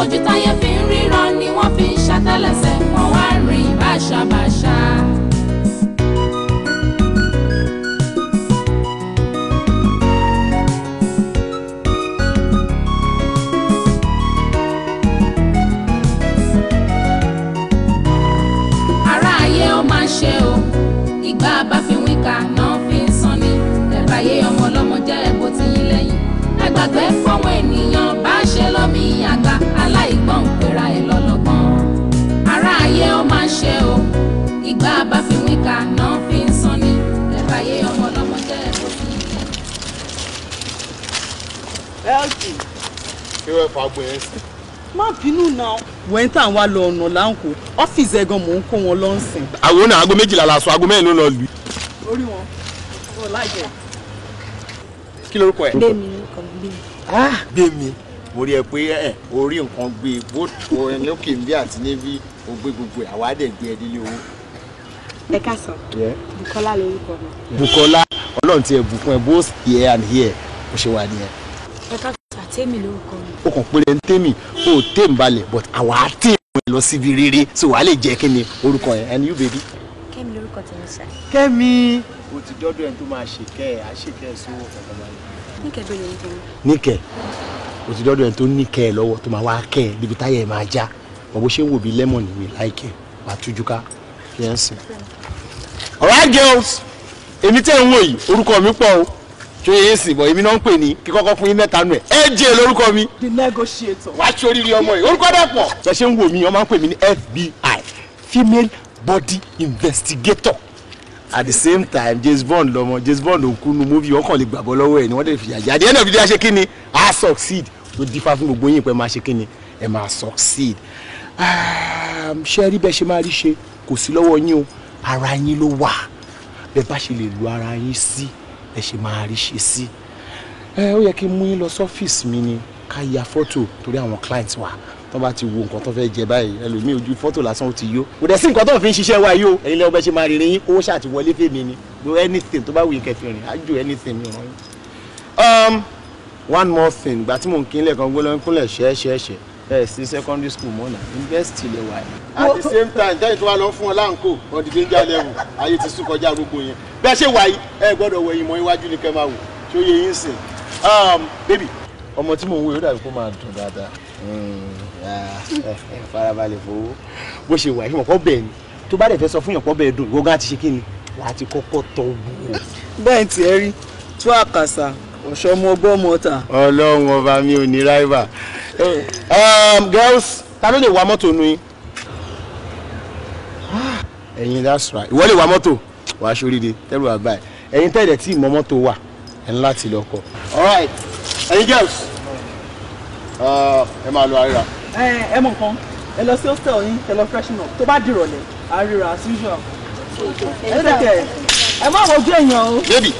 ojú táyé fi ń ríran ni wọ́n fi ń ṣàtẹ́lẹsẹ̀ wọ́n wá rìn báṣabàṣa. ṣe o ìgbà àbáfínwínkà náà fi ń sanni ẹ̀bàyé ọmọ ọlọ́mọ jẹ́ ẹ̀bùn tìyín lẹ́yìn ẹgbàgbẹ́ fún. ayé ó máa ń ṣe o ìgbà bá fi wí ká náà fi ń san ni ẹ̀ka ayé ọmọ jẹ́ ẹ̀kọ́ sí i. bẹ́ẹ̀kì. kí wọ́n fa agbóyè sí. má bínú náà. wẹ́n tá à ń wá lọ ọ̀nà láǹkó ọ́fíìsì ẹ̀gan mò ń kó wọn lọ́nsìn. àwọn náà aago méjìlá la sọ aago mẹ́rin ló lọ lù. orí wọn wọn láì jẹ. kí lorúkọ ẹ. gbẹmí. ah gbẹmí mo rí ẹ pé ẹ orí nǹkan gbé bó tó ẹni òkè ń bí àti níbí o gbé gbogbo ẹ àwa dẹ̀ gbé ẹ nílé owó. ẹ ká sọ Bukola lórúkọ mi. Bukola Ọlọ́run ti ẹ bùkún ẹ both here and here bó ṣe wà nìyẹn. ẹ ká sọ àtẹ́mì lórúkọ mi. o kàn péré ń tẹ́mì o ò tẹ́m balẹ̀ but àwa á tẹ́m ẹ lọ síbi rere so wàá lè jẹ́ kí ni orúkọ yẹn and you baby. kẹ́mi lórúkọ tẹ̀lé sá. kẹ́mi. o ti dọ́dọ̀ ẹni tó máa ṣèkẹ́ ẹ̀ á ṣèkẹ́ ẹ̀ sówó kankan báyìí. níkẹ́ bẹ́ẹ̀ ló ń o ti dọ́dọ̀ ẹni tó ní kẹ́ ẹ lọ́wọ́ tó máa wá kẹ́ ẹ níbi táyà ẹ máa já wọ́n bó ṣe ń wò bí lẹ́mọ̀nì mi láìkẹ́ wà á tújú ká yẹn sìn. girls èmi tẹ́ ń wò yìí orúkọ mi pọ̀ o tó yẹ sìn bọ̀ èmi náà ń pè ní kí kọ́kọ́ fún yín mẹ́ta nù ẹ̀ ẹ jẹ́ lórúkọ mi. the negotiator. wá sí oríire ọmọ yìí orúkọ dẹ̀ pọ̀. ṣe ṣe ń wò mí ọmọ ń pè mí ní FBI female body investigator at the same time james bond lọmọ james bond òkú nu movie ọkàn lè gbàgbọ́ lọ́wọ́ ẹ̀ ni wọ́n dẹ̀ fìyà jẹ at the end of the ṣe kí ni i succeed tó dífá fún gbogbo yín pé máa ṣe kí ni ẹ máa succeed ṣe rí bẹ́ẹ̀ ṣe máa rí ṣe kò sí lọ́wọ́ yín o ara yín ló wà bẹ́ẹ̀ bá ṣe lè lo ara yín sí ẹ ṣe máa rí ṣe sí ẹ ó yẹ kí n mú yín lọ sọ́fíìsì mi ni ká ya fọ́tò torí àwọn clients wa tó bá ti wo nǹkan tó fẹ́ jẹ báyìí ẹlòmíì ojú fọ́tò lásán ó ti yó kò dẹ̀ sí nǹkan tó fi ń ṣiṣẹ́ wa yìí o ẹ̀yin lẹ́wọ́ bẹ́ẹ̀ ṣe máa rìnrìn yín owó ṣáà ti wọlé fèmí ni do anything tó bá wù yín kẹfì á ju anything mi ràn yín one more thing ìgbà tí mò ń kí ilé kan gbólóhùn kúnlẹ̀ ṣẹ́ẹ́ṣẹ́ẹ́ṣẹ́ ẹ sí secondary school Mona. invest ilẹ̀ wa. at the same time jẹ́yìn tó wá lọ fún ọ láǹkó ọ̀dì danger level ayé ti sún kọjá gbogbo yẹn bẹ́ẹ̀ ṣe wà yìí ẹ gbọ́dọ̀ wọ ìmọ̀ iwájú ni kẹ́ máa wò tó yẹ yín sìn. Um, baby ọmọ tí mò ń wo yóò dàbí kó máa dùn dáadáa hmm, ah, farabalẹ̀ fowó bó ṣe wà yìí mọ̀kọ́ bẹ́ẹ̀ ni tó bá dẹ̀ fẹ́ sọ fún yàn pọ̀ bẹ́ẹ̀ dùn gbọ́ngàn àti ṣe kí ni wàá ti kọ́kọ́ tọ́ wò. bẹ́ẹ̀ tiẹ̀ rí tú àkàsà ọ̀ṣọ́mọ ọgbọ́mọ ọ̀tà. ọlọ́run ọba mi ò ní ráìvà. Eh. Um, girls ta ló lè wa mọ́tò nu yín. Ah, ẹ̀yin that's right ìwọ lè wa mọ́tò wàá ṣoríire tẹ́lú bàbá ẹ̀ ẹ̀yin tẹ́lẹ̀ tí ìmọ̀ mọ́tò wà ẹ̀ ń láti lọ kọ. alright ẹ̀yin girls uh, ẹ máa lọ àríra. Eh, ẹ mọ nǹkan ẹ lọ sí hostel yín ẹ lọ freshen up tó bá dìrọ̀lẹ́ àríra as usual. ẹ tẹ̀kẹ̀ ẹ má wojú o. baby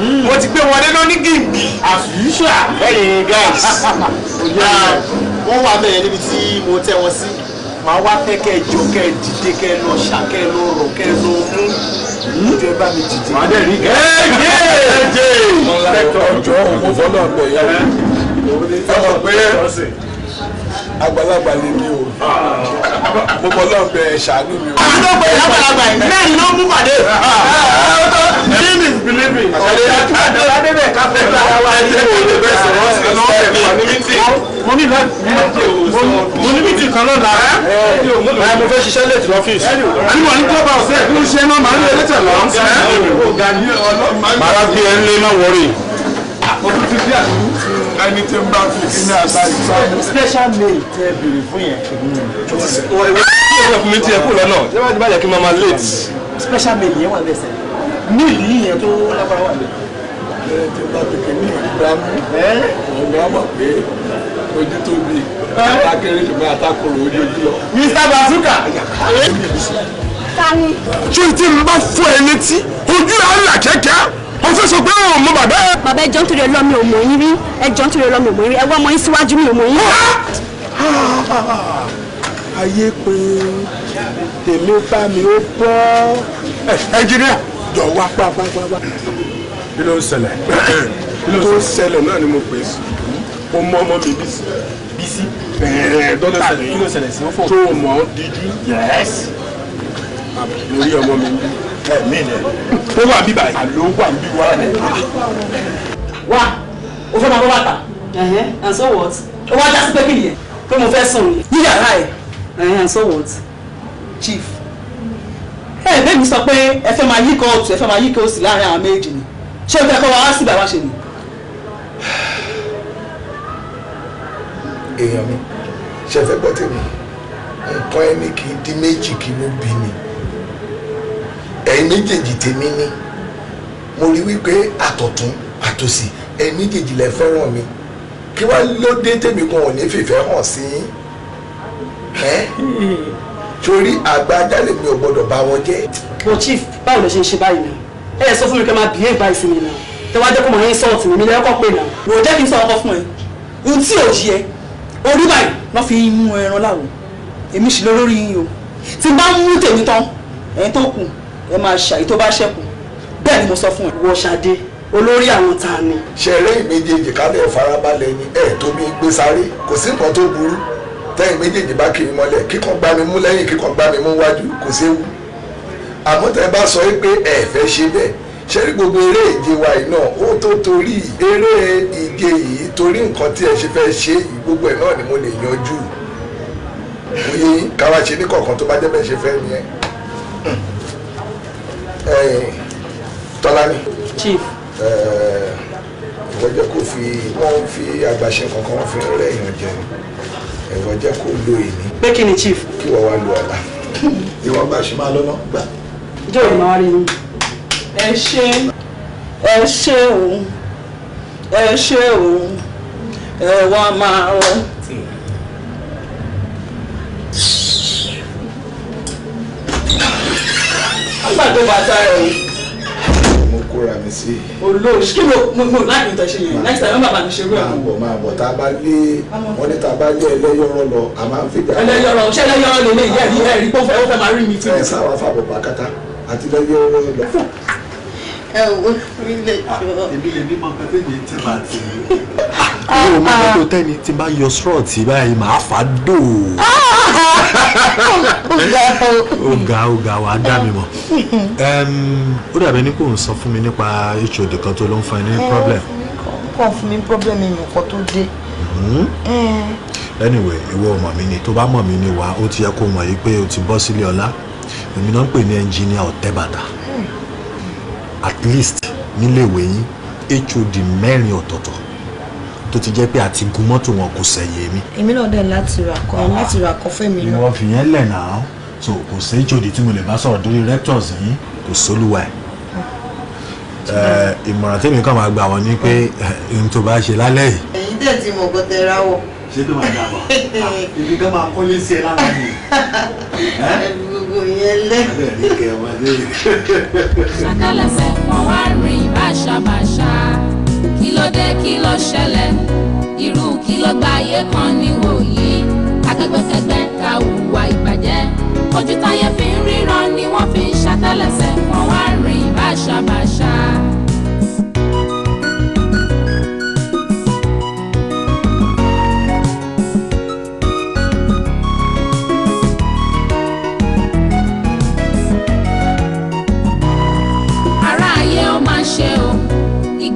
mo ti gbé wọn léná ní gímbì. àfihàn ẹ̀yin guys wọ́n wà bẹ̀rẹ̀ níbi tí mo tẹ́ wọn sí màá wá fẹ́ kẹ́ jọ kẹ́ dìde kẹ́ lọ ṣà kẹ́ lọ rọ̀ kẹ́ lọ mú ìjọ bá mi dìde. màá dẹ̀ rí gẹ́gẹ́ ẹ̀jẹ̀ ẹ̀jẹ̀ ọjọ́ òun fọ́nà ọ̀pẹ̀ yẹn ẹ mọ̀ pé àgbàlagbà lè mi o àkókò ọlọ́ọ̀bẹ ṣàánú mi. àti tó pé lágbàlagbà yìí mẹ́rin ló mú pàdé. believe it believe it. ọ̀rẹ́ adé adé bẹ̀ ká fẹ́ ká wá ní ìwé bẹ́ẹ̀ sọ̀rọ̀ sí ọ̀nà ọ̀rẹ́ mi ní mítì. mo ní láti mo ní mítì kan lọ́la. mo fẹ́ ṣiṣẹ́ lẹ́tì lọ́fíìsì. àní mo ní club house ẹ̀ kí ló ṣe náà màá ń lé lẹ́tẹ̀ lọ́. màá bí ẹ ń lé náà wọ̀rì ẹni tí ń bá fi kí ní àtàlù sáà. special mail tẹ bèrè fún yẹn ìwé fún mi tiẹ̀ kú lọ́nà ṣé bá ti bá yẹ kí n máa ma late. special meal yẹn wà bẹ́ẹ̀ sẹ́yìn míìlì yìí yẹn tó lágbára wà bẹ́ẹ̀. ẹ ti bá tètè ní ìgbà mú ọ̀gá mọ̀ pé ojú tó bí akékeré ṣùgbọ́n àtàkùrọ̀ ojú ojú lọ. Mr. Bazooka. tani. ṣé tí n bá fún ẹ létí ojú ẹ ń là kẹ́kẹ́ o fẹ́ sọ pé o mọ bàbá ẹ. bàbá ẹ jọ nítorí ọlọ́mi ò mọ̀ yín rí ẹ jọ nítorí ọlọ́mi ò mọ̀ yín rí ẹ wá ọmọ yín síwájú mi ò mọ̀ yín ayé pé tèmi bá mi ó bọ́. ẹnjìníà jọ wá pàápàá. kí ló ń ṣẹlẹ̀. kí ló ń ṣẹlẹ̀ náà ni mo pè é sí mo mọ ọmọ mi bí sí. bí sí. ẹ̀ẹ́dẹ́gbẹ̀rẹ̀ kí ló ṣẹlẹ̀ sí ó tó o mọ̀ ọ́ díjú. yẹ́sì lórí ọmọ mi ẹ̀mí rẹ̀ ó wà bí báyìí àló wà bí wà rẹ̀. wá o fẹ́ máa bọ́ bàtà. ẹ̀hẹ́n and so what? ó wá já sí pé kí nìyẹn pé mo fẹ́ sùn ní yàrá ẹ̀hìn so what chief ẹ bẹ́ẹ̀ mi sọ pé ẹ fẹ́ máa yíkọ́ ọ̀tún ẹ fẹ́ máa yíkọ́ òsì láàrin àwọn méjì ni ṣé o fẹ́ kọ́ wa wá síbi àwa ṣe ni. èèyàn mi ṣe fẹ́ gbọ́ tèmi nǹkan ẹni kì í di méjì kì í ló bí ni ẹ̀yin méjèèjì tèmi ni mo rí wípé àtọ̀tún àtòsì ẹ̀yin méjèèjì lẹ fẹ́ràn mi kí wàá ló tèmi kan ò ní fìfẹ́ hàn sí yín torí àgbà ajálẹ̀ mi ò gbọ́dọ̀ bá wọn jẹ́. but chief báwo ló ṣe ń ṣe báyìí náà ẹ ẹ sọ fún mi kí ẹ máa bìí èèbá ìsinmi náà tẹwàá jẹ́ kó mọ̀ ẹ́ sọ̀rọ̀ tì mí lẹ́yìn ọkọ̀ pé náà wò ó jẹ́ kí n sọ ọkọ fún ẹ ohun tí ò yẹ orí báyìí wọ́n fi mú ẹran láwo èmi sì lórí yín o tí bá ń mú tèmi tán ẹ̀yin tó kù ẹ máa ṣàyí tó bá ṣẹ̀kù bẹ́ẹ̀ ni mo sọ fún ẹ. wọ ṣadé olórí àwọn ta ni. ṣe eré ìméjèèjì kálẹ̀ farabalẹ̀ ni ẹ̀ tómi gbé sáré kò sí nǹkan tó burú tẹ́yìn méjèèjì bá kiri mọ́lẹ̀ kíkan gbá mi mú lẹ́yìn kíkan gbá mi mú wájú kò séwu àmọ́ tẹ́ bá sọ pé ẹ fẹ́ ṣe bẹ́ẹ̀ ṣẹ́rí gbogbo eré ìje wa yìí náà ó tó torí eré ìje yìí torí nǹkan tí ẹ ṣe fẹ́ ṣe yìí gbogbo ẹ̀ náà ni mo lè yanjú òye káwa ṣe ní kọ̀ọ̀kan tó bá jẹ́ bẹ́ẹ̀ ṣe fẹ́ yẹn tọ́lání. chief. ìwọ́jọ́ kò fi wọ́n fi àgbàṣe kankan wọ́n fi rẹ̀ yàn jẹ ẹ̀rọ jẹ́ kó lo èmi. pé kí ni chief. kí wọ́n wá lo ọ̀la ìwọ bá ṣe máa lọ́nà gbà. jóò máa rí i ẹ ṣe ẹ ṣe òun ẹ ṣe òun ẹ wá máa rọ. àgbàdo bàtà ẹ̀ o kóra mi sí. olóòṣì kí ló mo mo láì níta ṣe yẹn next time bàbá mi ṣe rú ẹ̀. máa bọ̀ máa bọ̀ tá a bá lé wọn ní tá a bá lé ẹlẹ́yọ̀rọ̀ lọ a máa ń fìgbà. ẹlẹ́yọ̀rọ̀ ṣé ẹlẹ́yọ̀rọ̀ lè lè yẹ́ ẹ̀rí ẹ̀rí pé ó fẹ́ máa rí mi tì. ẹ sáwọn afábọ̀ pàkátá àti ẹlẹ́yọ̀rọ̀ lọ ẹ wo nílẹ̀ jọ. èmi lè ní mọ nǹkan tó yẹ tí màá ti rí. yóò ah, mú ah. mọ́tò tẹ́ni tí bá yọ sọ́ọ̀ tí báyìí màá fà á dò. ọ̀gá ọ̀gá wa dá mi mọ̀ ó dàbí ẹni kò ń sọ fún mi nípa HOD kan tó ló ń fa ẹni ní problem. kàn fún mi problem mi nǹkan tó dé hmm? anyway ìwọ ọmọ mi ni tó bá mọ̀ mí ni wá ó ti yẹ kó mọ̀ yìí pé o ti bọ́ sílé ọlá èmi náà ń pè ní ẹnjìníà ọ̀tẹ́bàdà at least níléèwé yín HOD mẹ́rin ọ̀tọ̀ọ̀tọ̀ tó ti jẹ́ pé àti gun mọ́tò wọn kò sẹ̀yẹ mi. èmi náà dẹ̀ láti rà kọ́ ah. láti rà kọ́ fẹ́mi náà. ìwọ fìyẹn lẹ̀ náà so kò sí HOD tí mo lè bá sọ̀rọ̀ lórí rectors yín kò sólúwa ẹ̀ ah. eh, ìmọ̀ràn tèmi kàn máa gbà wọ́n ní pé eh, ohun tó bá ṣe lálẹ́ yìí. èyí tẹ̀ tí mo kò tẹ ra wọ̀. ṣé tó máa dà bọ̀ ah, ibi kan máa kọ́lé sí ẹ lánàá yìí. Eh? gbogbo yẹn lẹ. abẹ́rẹ́ kẹ́ ọmọdé yìí. ṣàkàlẹ̀sẹ̀ wọn wá rìn báṣabàṣa kí ló dé kí ló ṣẹlẹ̀ irú kí ló gba ayé kan níwò yìí akẹgbẹsẹgbẹ ta hùwà ìbàjẹ́ ojú táyé fi ríran ni wọ́n fi ṣàtẹ́lẹsẹ̀ wọn wá rìn báṣabàṣa.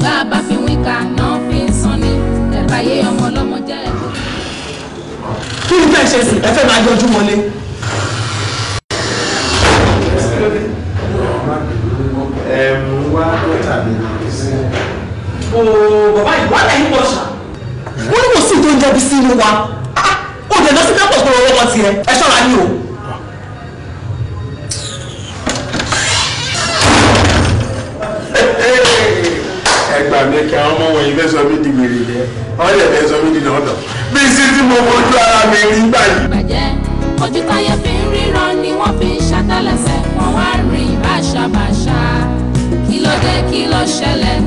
bá a bá fi wíkà náà fi ń san ni ẹ̀rọ ayé ọmọ ọlọ́mọ jẹ́ ẹ̀kọ́. kí ni fẹ́ ṣe sí ẹ fẹ́ máa yọjú wọlé. wá dọ́tà mi sí. o bàbá yìí wọ́n lẹ́yìn bọ̀ ṣá. wọ́n ní kò sí ìtò oúnjẹ bí sí inú wa. Ah, ó jẹ́ lọ sí campus tó rọwọ́ tiẹ̀ ẹ ṣọ́ra yín o. jẹ́ kí àwọn ọmọ wọn yìí fẹ́ sọ mí di wèrè yẹn wọ́n lè fẹ́ sọ mí di nọ́ọ̀dọ̀ bí sí tí mo fojú ara mi rí gbà bàjẹ́ ojú táyé fi ń ríran ni wọ́n fi ń ṣàtẹ́lẹsẹ̀ wọ́n wá rìn báṣabàṣa kí ló dé kí ló ṣẹlẹ̀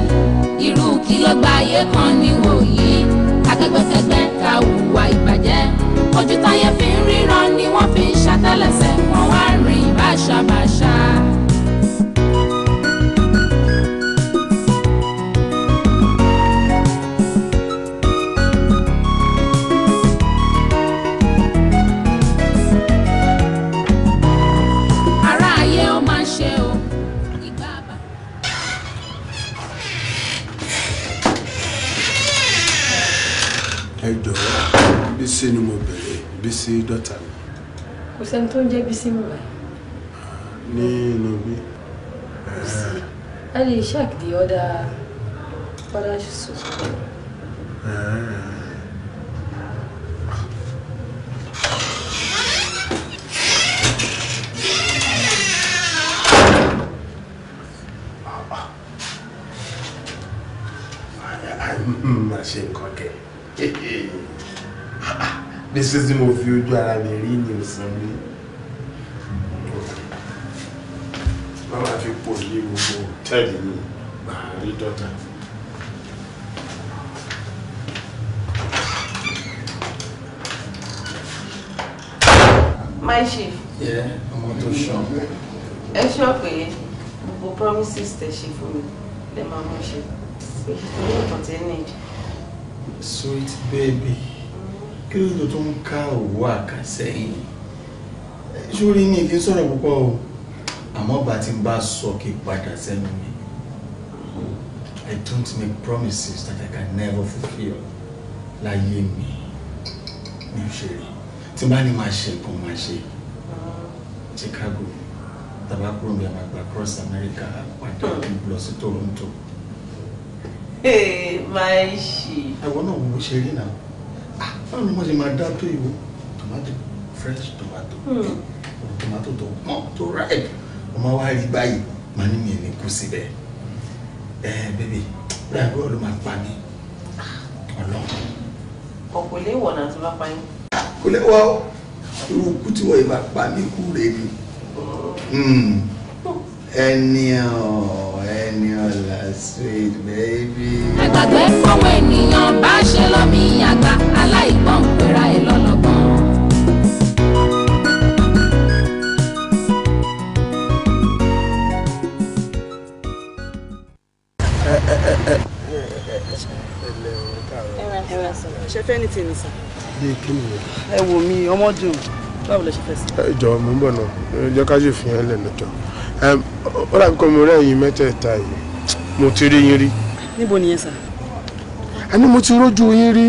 irú kí ló gba ayé kan níwòyí akẹgbẹ́kẹgbẹ́ ka hùwà ìbàjẹ́ ojú táyé fi ń ríran ni wọ́n fi ń ṣàtẹ́lẹsẹ̀ wọ́n wá rìn báṣabàṣa. ẹ jọ̀wọ́ Bísí ni mo bẹ̀rẹ̀ Bísí dọ́tà mi. kò sẹ́ni tó ń jẹ́ Bísí mi wá. ní inú mi. Ali Ishaq di ọ̀dà ọ̀dà ṣùṣù. ṣe nǹkan kẹ níṣẹ́ tí mo fi ojú ara mi rí ni òsàn mi báwa fi pò ní gbogbo tẹ́ẹ̀lì mi gbà rí dọ́tà. My chief. Yeah, ọmọ tó ṣọ. Ẹ ṣọ́ pé gbogbo promises tẹ̀ ṣe fún mi lè máa mú ṣe. Èyí tó ní ìkọ̀tẹ́ nìyí sweet baby kí ló tó tó ń ká òwú àkàsẹ́yìn sórí ní kí n sọ̀rọ̀ púpọ̀ o àmọ́ bá ti ń bá sọ kí padà sẹ́nu mi I don't make promises that I can never fulfill. láyé mi ní òṣèré tí bá ní máa ṣe nǹkan máa ṣe Chicago tàbá kúrò bí a máa gba cross America padà lọ sí Toronto máa ń ṣe. ẹ̀wọ́ náà wo ṣe rí náà ah, báwo ni wọ́n ṣe máa dá tó ìwọ tomato fresh tomato hmm. tomato tó pọ́n tó ripe wọ́n máa wá rí báyìí máa ní mi ò ní kú síbẹ̀ ẹ̀ eh, bébè bí àgbẹ̀ ló máa pa mí ah, ọlọ́run. ọ̀pọ̀ ilé ìwọ̀n náà ti máa pa yín. kò lè wá irú kú tí wọ́n yìí máa pa mí kú rèé ni. Hmm. Hmm. Eniola, Eniola, sweet baby. Àgbàgbé fọwọ́ ènìyàn bá ṣe lọ́mí àgbà aláìgbọ́n pera ẹ̀ lọ́lọ́gbọ́n. ṣe fẹ́ ní tèmi sàn. bí kí ni. ẹ wò mí ọmọ dùn báwo lẹ ṣe fẹ́ sí. ẹ jọ mò ń bọ̀ náà jẹ́ ká ṣe fi hàn lẹ́nu jọ ó dàbí kọ́ mo rẹ́ ẹ̀yin mẹ́tẹ̀ẹ̀ta yìí mo ti rí yín rí. níbo nìyẹn sà. a ní mo ti rójú yín rí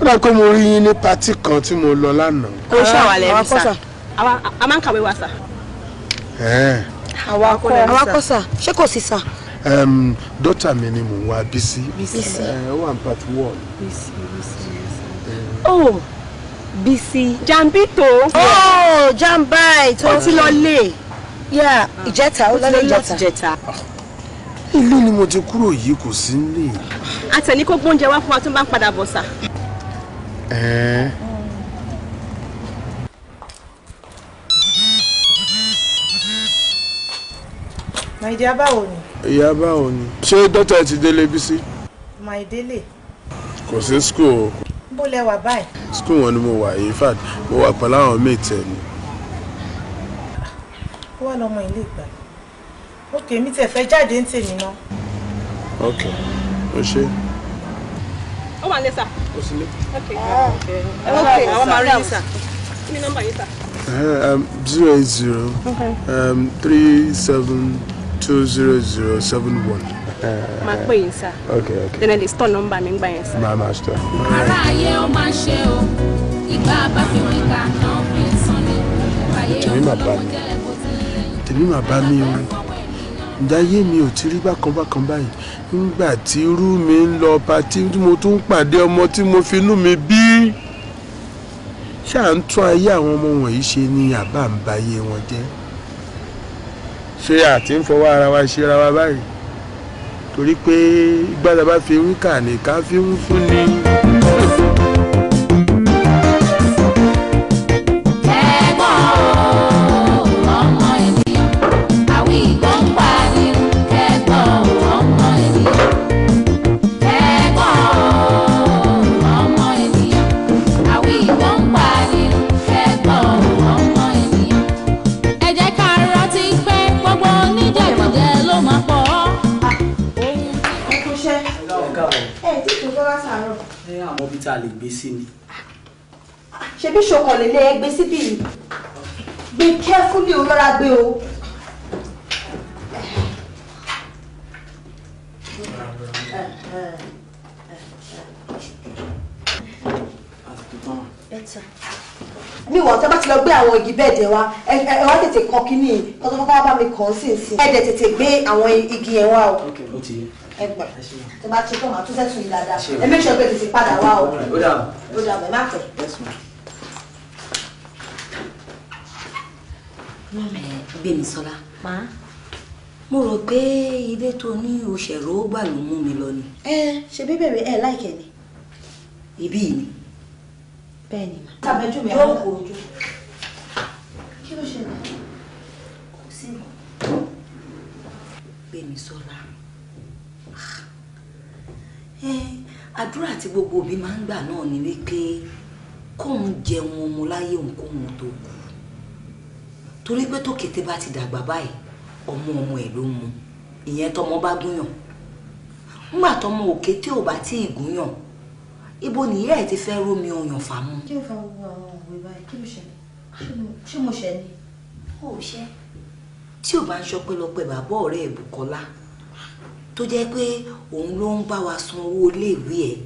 ó dàbí kọ́ mo rí yín ní patí kan tí mo lọ lánàá. kò ṣàwàlẹ̀ rí sà a máa ń kàwé wa sà. àwa kọ́ àwa kọ́ sà ṣé kò sí sà. dọ́tà mi ni mò ń wá Bísí ó wà ní part one. Bísí Bísí oh Bísí jambito. oh jambai tó ti lọ lé yà ah. ìjẹta ó lọ láti jẹta. ilé ni mo ti kúrò yìí kò sí nílé. àtẹ̀ní kó gbóúnjẹ wá fún wa tó bá ń padà bọ̀ sà. ẹ̀ẹ́. Màìdí abáwo ni. Ìyá abáwo ni. Ṣé dọ́tà ti délé Bísí? Màìdélé. Kò sí school o. Bó lẹ báyìí? School wọn ni mo wà yìí, in mo wà pẹ̀lú àwọn méjì tẹ̀ ni kó wá lọ́mọ ilé ìgbà ok mi tẹ̀ fẹ́ jáde ń tèmi ná. ok o ṣe. ó wà ní sà. o sì lé. ok ok ah. àwọn máa rí yín sà kí ni nọ́mbà yín sà. Eh, um, zero eight zero um, three seven two zero zero seven one máa pè yín sá then i dey store number mi gbà yẹn sá. máa máa store. ara ó máa ṣe o ìgbà bá fi náà fi sàn ní ìgbà máa lọ́wọ́ jẹ́ ní bàbá mi o ìdáyé mi ò ti rí bákan bákan báyìí nígbà tí irú mi ń lọ patí tí mo tún pàdé ọmọ tí mo fi inú mi bí ṣáà ń tún ayé àwọn ọmọ wọ̀nyí ṣe ni àbá ń ba ayé wọn jẹ́ ṣé àti ń fọwọ́ ara wa ṣe ara wa báyìí torí pé ìgbàdàbà fi wíkà ní ká fi ń fún ni. gbé sí ni. ṣebí ṣokànlélẹ̀ ẹ gbé síbí yìí gbé kẹ́fúlì ó lọ́ra gbé o. mi wọ̀ tẹ́ bá ti lọ gbé àwọn igi bẹ́ẹ̀ dẹ̀ wá ẹ wá tètè kan kínní kọ́tọ́kọ́tọ́ bá mi kàn sí ìsìn ẹ̀ dẹ̀ tètè gbé àwọn igi yẹn wá o ẹgbà tó bá ti tán màá tún sẹ́tù yìí dáadáa ẹ make sure pé tètè padà wá o ó dà ó dà bẹ̀ má pẹ́. mọ̀mẹ́ Gbémisọ́lá mo rò pé ilé tó ní òṣèrò gbà ló mú mi lọ ni. ẹ ṣe bí bèrè ẹ láìkẹ ni. ibí ni. bẹ́ẹ̀ ni ma. tàbẹ́jú mi àwọn kò ojú. kí ló ṣe lọ. kò sí nǹkan. Gbémisọ́lá àdúrà tí gbogbo òbí máa ń gbà náà ni wípé kóun jẹun ọmọ láyé òun kóun tó kú torí pé tó kété bá ti dàgbà báyìí ọmọ ọmọ ẹ ló mu ìyẹn tọmọ bá gúnyàn ńgbà tọmọ òkè tí ò bá tí ì gúnyàn ibo nìyá ẹ ti fẹ́ rómi ọyàn fàmú. kí ló fa gbogbo àwọn òwe báyìí kí ló ṣẹlẹ̀ ṣé mo ṣẹ ni. ó ṣẹ tí ò bá ń ṣọpẹ́lọpẹ́ bàbá ọ̀rẹ́ ẹ Bùkọ́lá tó jẹ́ pé òun ló ń bá wa san owó iléèwé ẹ̀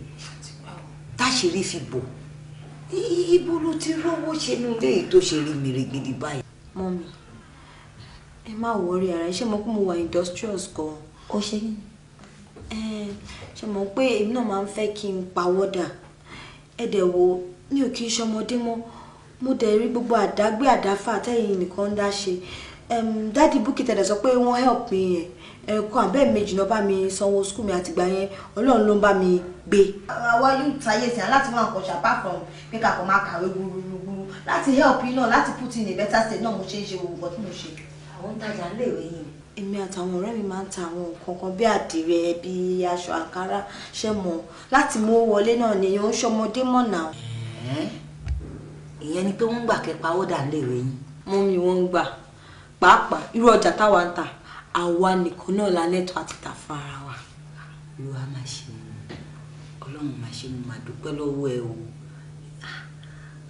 táṣìírí fi bò ibo ló ti rówó ṣe nu léyìí tó ṣe rí mèrègidì báyìí. mọ́mí ẹ má wọrí ara ẹ ṣé mo kún mo wà industrious gan. ó ṣe yín. ṣe mọ̀ pé èmi náà máa ń fẹ́ kí n pawọ́dà ẹ dẹ̀ wo mi ò kí n ṣọmọdé mọ́ mo dẹ̀ rí gbogbo àdágbé àdáfà àtẹ̀yìn nìkan dá ṣe dádì búkìtà sọ pé wọ́n help me. yẹn ẹ̀ẹ̀kan àbẹ́ méjì náà bá mi sanwó skul mi àtìgbà yẹn ọlọ́run ló ń bá mi gbé. àwa yóò tayé sí i máa kọ̀ ṣàpá from pé kàkọ́ máa kàwé gbúgbúrú láti help yín láti put in a better state náà mo ṣe ń ṣe gbogbo tí mo ṣe. àwọn tajà ń lè wé èmi àtàwọn ọ̀rẹ́ mi máa ń ta àwọn nǹkan kan bí àdìrẹ bí aṣọ àǹkárá ṣe mọ̀ láti mú wọlé náà ni èèyàn ń ṣọmọdé mọ̀ náà. ìyẹn ni pé wọ́n àwa nìkan náà la lẹ́tọ̀ àti tà fún ara wa olúwa máa ṣe ọlọ́run máa ṣe mo máa dúpẹ́ lọ́wọ́ ẹ o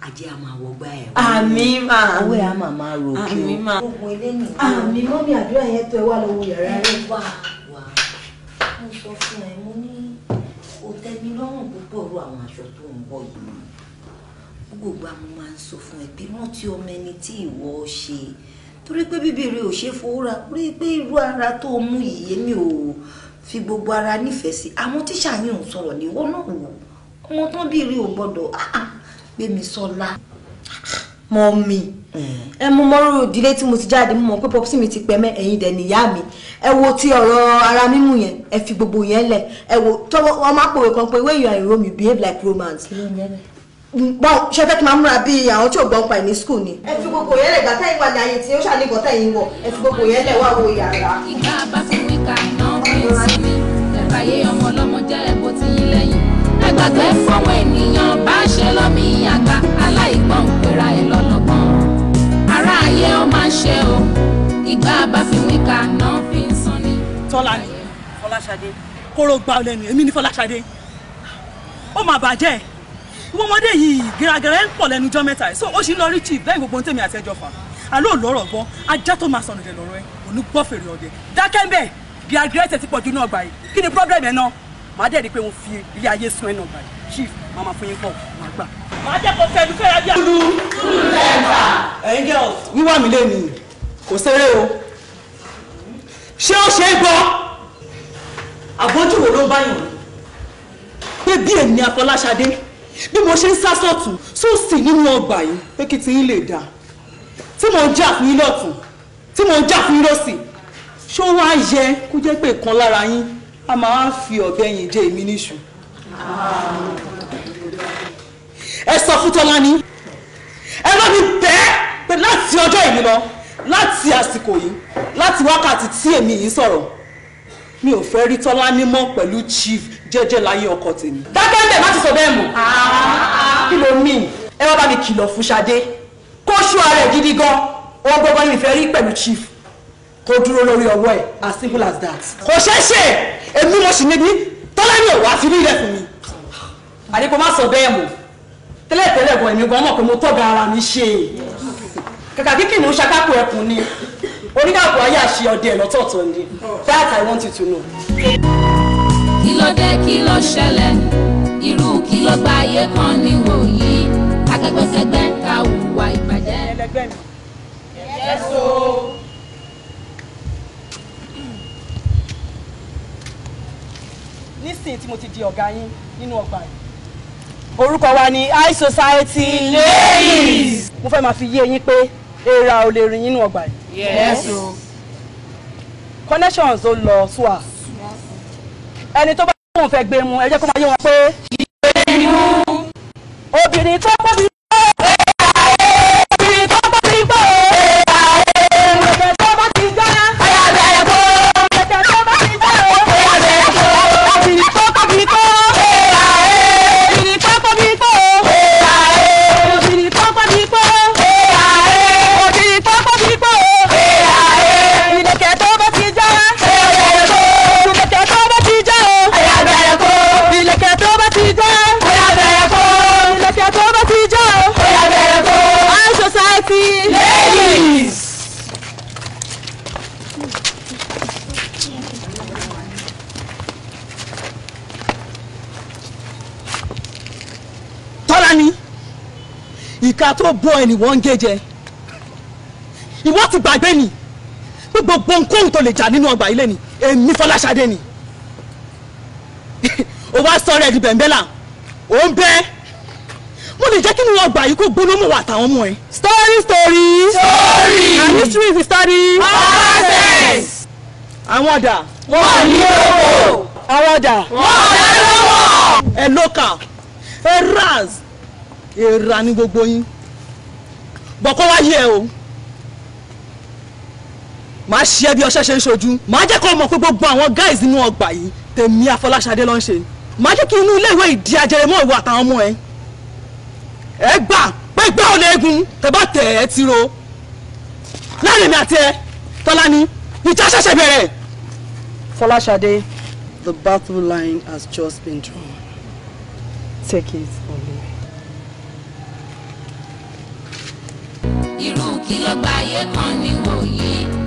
ajé a máa wọgbà ẹ o àmín mà owó ẹ a máa máa rò kí o àmín mà ogun eléyìí àmín mọ́mí àdúrà yẹn tó ẹ wà lọ́wọ́ yàrá rẹ wà wà mo sọ fún ẹ mo ní o tẹ́ mi lọ́rùn púpọ̀ ru àwọn aṣọ tó ń wọ̀ yìí gbogbo àwọn máa ń sọ fún ẹ pé rántí ọmọ ẹni tí ìwọ ṣe torí pé bíbí rẹ ò ṣe fowóra rí pé irú ara tó mú yìí èmi ò fi gbogbo ara nífẹ̀ẹ́ sí àwọn tíṣà yìí ò sọ̀rọ̀ ní wọ́n náà wò ọmọ tán bí rí ò gbọ́dọ̀ gbémi sọ́lá. mọ mi ẹ mú mọ́rú ìdílé tí mo ti jáde mọ pé pọpsi mi ti pẹ́ mẹ́ ẹ̀yin dẹ̀ níyá mi ẹ wo ti ọ̀rọ̀ ara mímú yẹn ẹ fi gbogbo yẹn lẹ̀ ẹ wo tọ́wọ́ wọn máa kan pé wẹ́yìn àìró behave like romance. kí ló ń yẹn lẹ̀ bọ́n ṣe fẹ́ kí máa múra bí àwọn tí ò gbọ́n pa ní skul ni. ẹ fi gbogbo yẹn lẹ̀ gbà tẹ́yìn wà ní tí ó ṣàlẹ́gọ́ tẹ́yìn wọ̀ ẹ fi gbogbo yẹn lẹ̀ wá wo yàrá. ìgbà bá fi wí ká náà pé sinmi ẹ̀báyé ọmọ ọlọ́mọ jẹ́ ẹ̀bọ́ ti yín lẹ́yìn. ẹgbàgbẹ́ fọwọ́ ènìyàn bá o ìgbà bá náà fi ń sọ ni. tọ́lá ni fọláṣadé kóró gba ọlẹ́nu èmi ni fọláṣadé ó máa bàjẹ́ gbogbo ọmọdé yìí gẹ̀rẹ́gẹ̀rẹ́ ń pọ̀ lẹ́nu jọ́ mẹ́ta yìí so ó sì ń lọ rí chief lẹ́yìn gbogbo tèmi àti ẹjọ́ fà àlọ́ òlọ́rọ̀ gbọ́ ajá tó máa sọnù dẹ̀ lọ́rọ̀ ẹ òní gbọ́ fèrè ọ̀dẹ dákẹ́ ńbẹ̀ gẹ̀rẹ́gẹ̀rẹ́ tẹ̀ ti pọ̀ jù náà gbà yìí kí ni problem ẹ̀ náà màá dẹ̀ rí i pé mo fi ilé ayé sun ẹ̀ náà gbà yìí chief màá máa fún yín pọ̀ màá gbà. màá jẹ́ kó fẹ́ mi fẹ́ra bí i. tulu tulu lẹ́ẹ̀fà. ẹ̀yin girls wíwá mi lé mi kò ṣeré o ṣé ó ṣe é gbọ́ àbójúwò ló bá yàn pé bí èmi Afọláṣadé bí mo ṣe ń sá sọ̀tún sóòsì nínú ọgbà yìí pé kí ti yín lè dáa tí mo ń jà fún yín lọ́tún tí mo ń jà fún yín lọ́sì ṣó wá yẹ kó jẹ́ pé kan lára yín a máa fi ọ̀bẹ yín jẹ èmi níṣu. ẹ sọ fún Tọ́lání ẹ bá mi bẹ́ẹ̀ pé láti ọjọ́ ìlú lọ láti àsìkò yìí láti wákàtí tí èmi yìí sọ̀rọ̀ mi ò fẹ́ rí tọ́lá nímọ̀ pẹ̀lú chief jẹ́jẹ́ láyé ọkọ tèmi. dákẹ́ ń bẹ̀ má ti sọ bẹ́ẹ̀ mọ̀. Ah. kí ló mean ẹ wá bá mi kìlọ̀ fún Ṣadé kó ṣú ara ẹ̀ gidi gan ohun gbogbo mi fẹ́ rí pẹ̀lú chief kó dúró lórí ọwọ́ ẹ̀ as simple as that. kò ṣeé ṣe èmi mo sì níbi tọ́lá mi ò wá fi ní ilẹ̀ fún mi. àdìpọ̀ má sọ bẹ́ẹ̀ mọ̀ tẹ́lẹ̀tẹ́lẹ̀ gan èmi gan mọ̀ pé mo tọ́ga ara mi ṣe kàkà kíkì ní ó ṣakápò ẹkùn ni oníkàkọ́ ayé àṣẹ ọdẹ ẹ̀ ni that I want you to know. kí ló dé kí ló ṣẹlẹ̀ irú kí ló gba ayé kan ní wòyí akẹ́gbẹ́sẹ̀gbẹ́ ká hùwà ìbàjẹ́. Yes, nísìnyí tí mo ti di ọ̀gá yín nínú ọgbà yìí orúkọ wa ni high society ladies mo fẹ́ máa fi yé yín pé èèrà ò lè rìn nínú ọgbà yìí yes o connections ó lọ sùà ẹni tó bá tóun fẹ́ gbé mu ẹ jẹ́ kó máa yé wọn pé obìnrin tó pọ̀ bí ìyá tó bọ́ ẹ nìwọ ń gé jẹ ìwọ ti gbàgbé ni gbogbo nǹkan tó lè jà nínú ọgbà ilé ni èmi Fọláṣadé ni o wá sọ̀rọ̀ ẹdí bẹ̀ńbẹ́là ò ń bẹ́ mo lè jẹ́ kí nínú ọgbà yìí kó gbóná mọ̀ wà táwọn ọmọ ẹ. story story. story. and history is study. access. àwọn ọ̀dà. wọ́n ní owó. àwọn ọ̀dà. wọ́n ní owó. ẹ lókà ẹ raz ẹ ra ní gbogbo yín bọ̀kọ́ wá yẹ o màá ṣe ẹ bí ọṣẹ ṣe ń ṣojú màá jẹ́ kó mọ̀ pé gbogbo àwọn guys inú ọgbà yìí tèmi Afọláṣadé ló ń ṣe màá jẹ́ kí inú ilé ìwé ìdí ajẹrẹ mọ́ ìwọ àtàwọn ọmọ ẹ ẹ gbà pé gbà ò léegun tẹ́ tẹ̀ ẹ ti ro láàrin mi àti ẹ Tọ́lání ìjà ṣẹ̀ṣẹ̀ bẹ̀rẹ̀. Fọláṣadé, the battle line has just been drawn. Take it or leave. irú kí ló gba ayé kan níwòyí.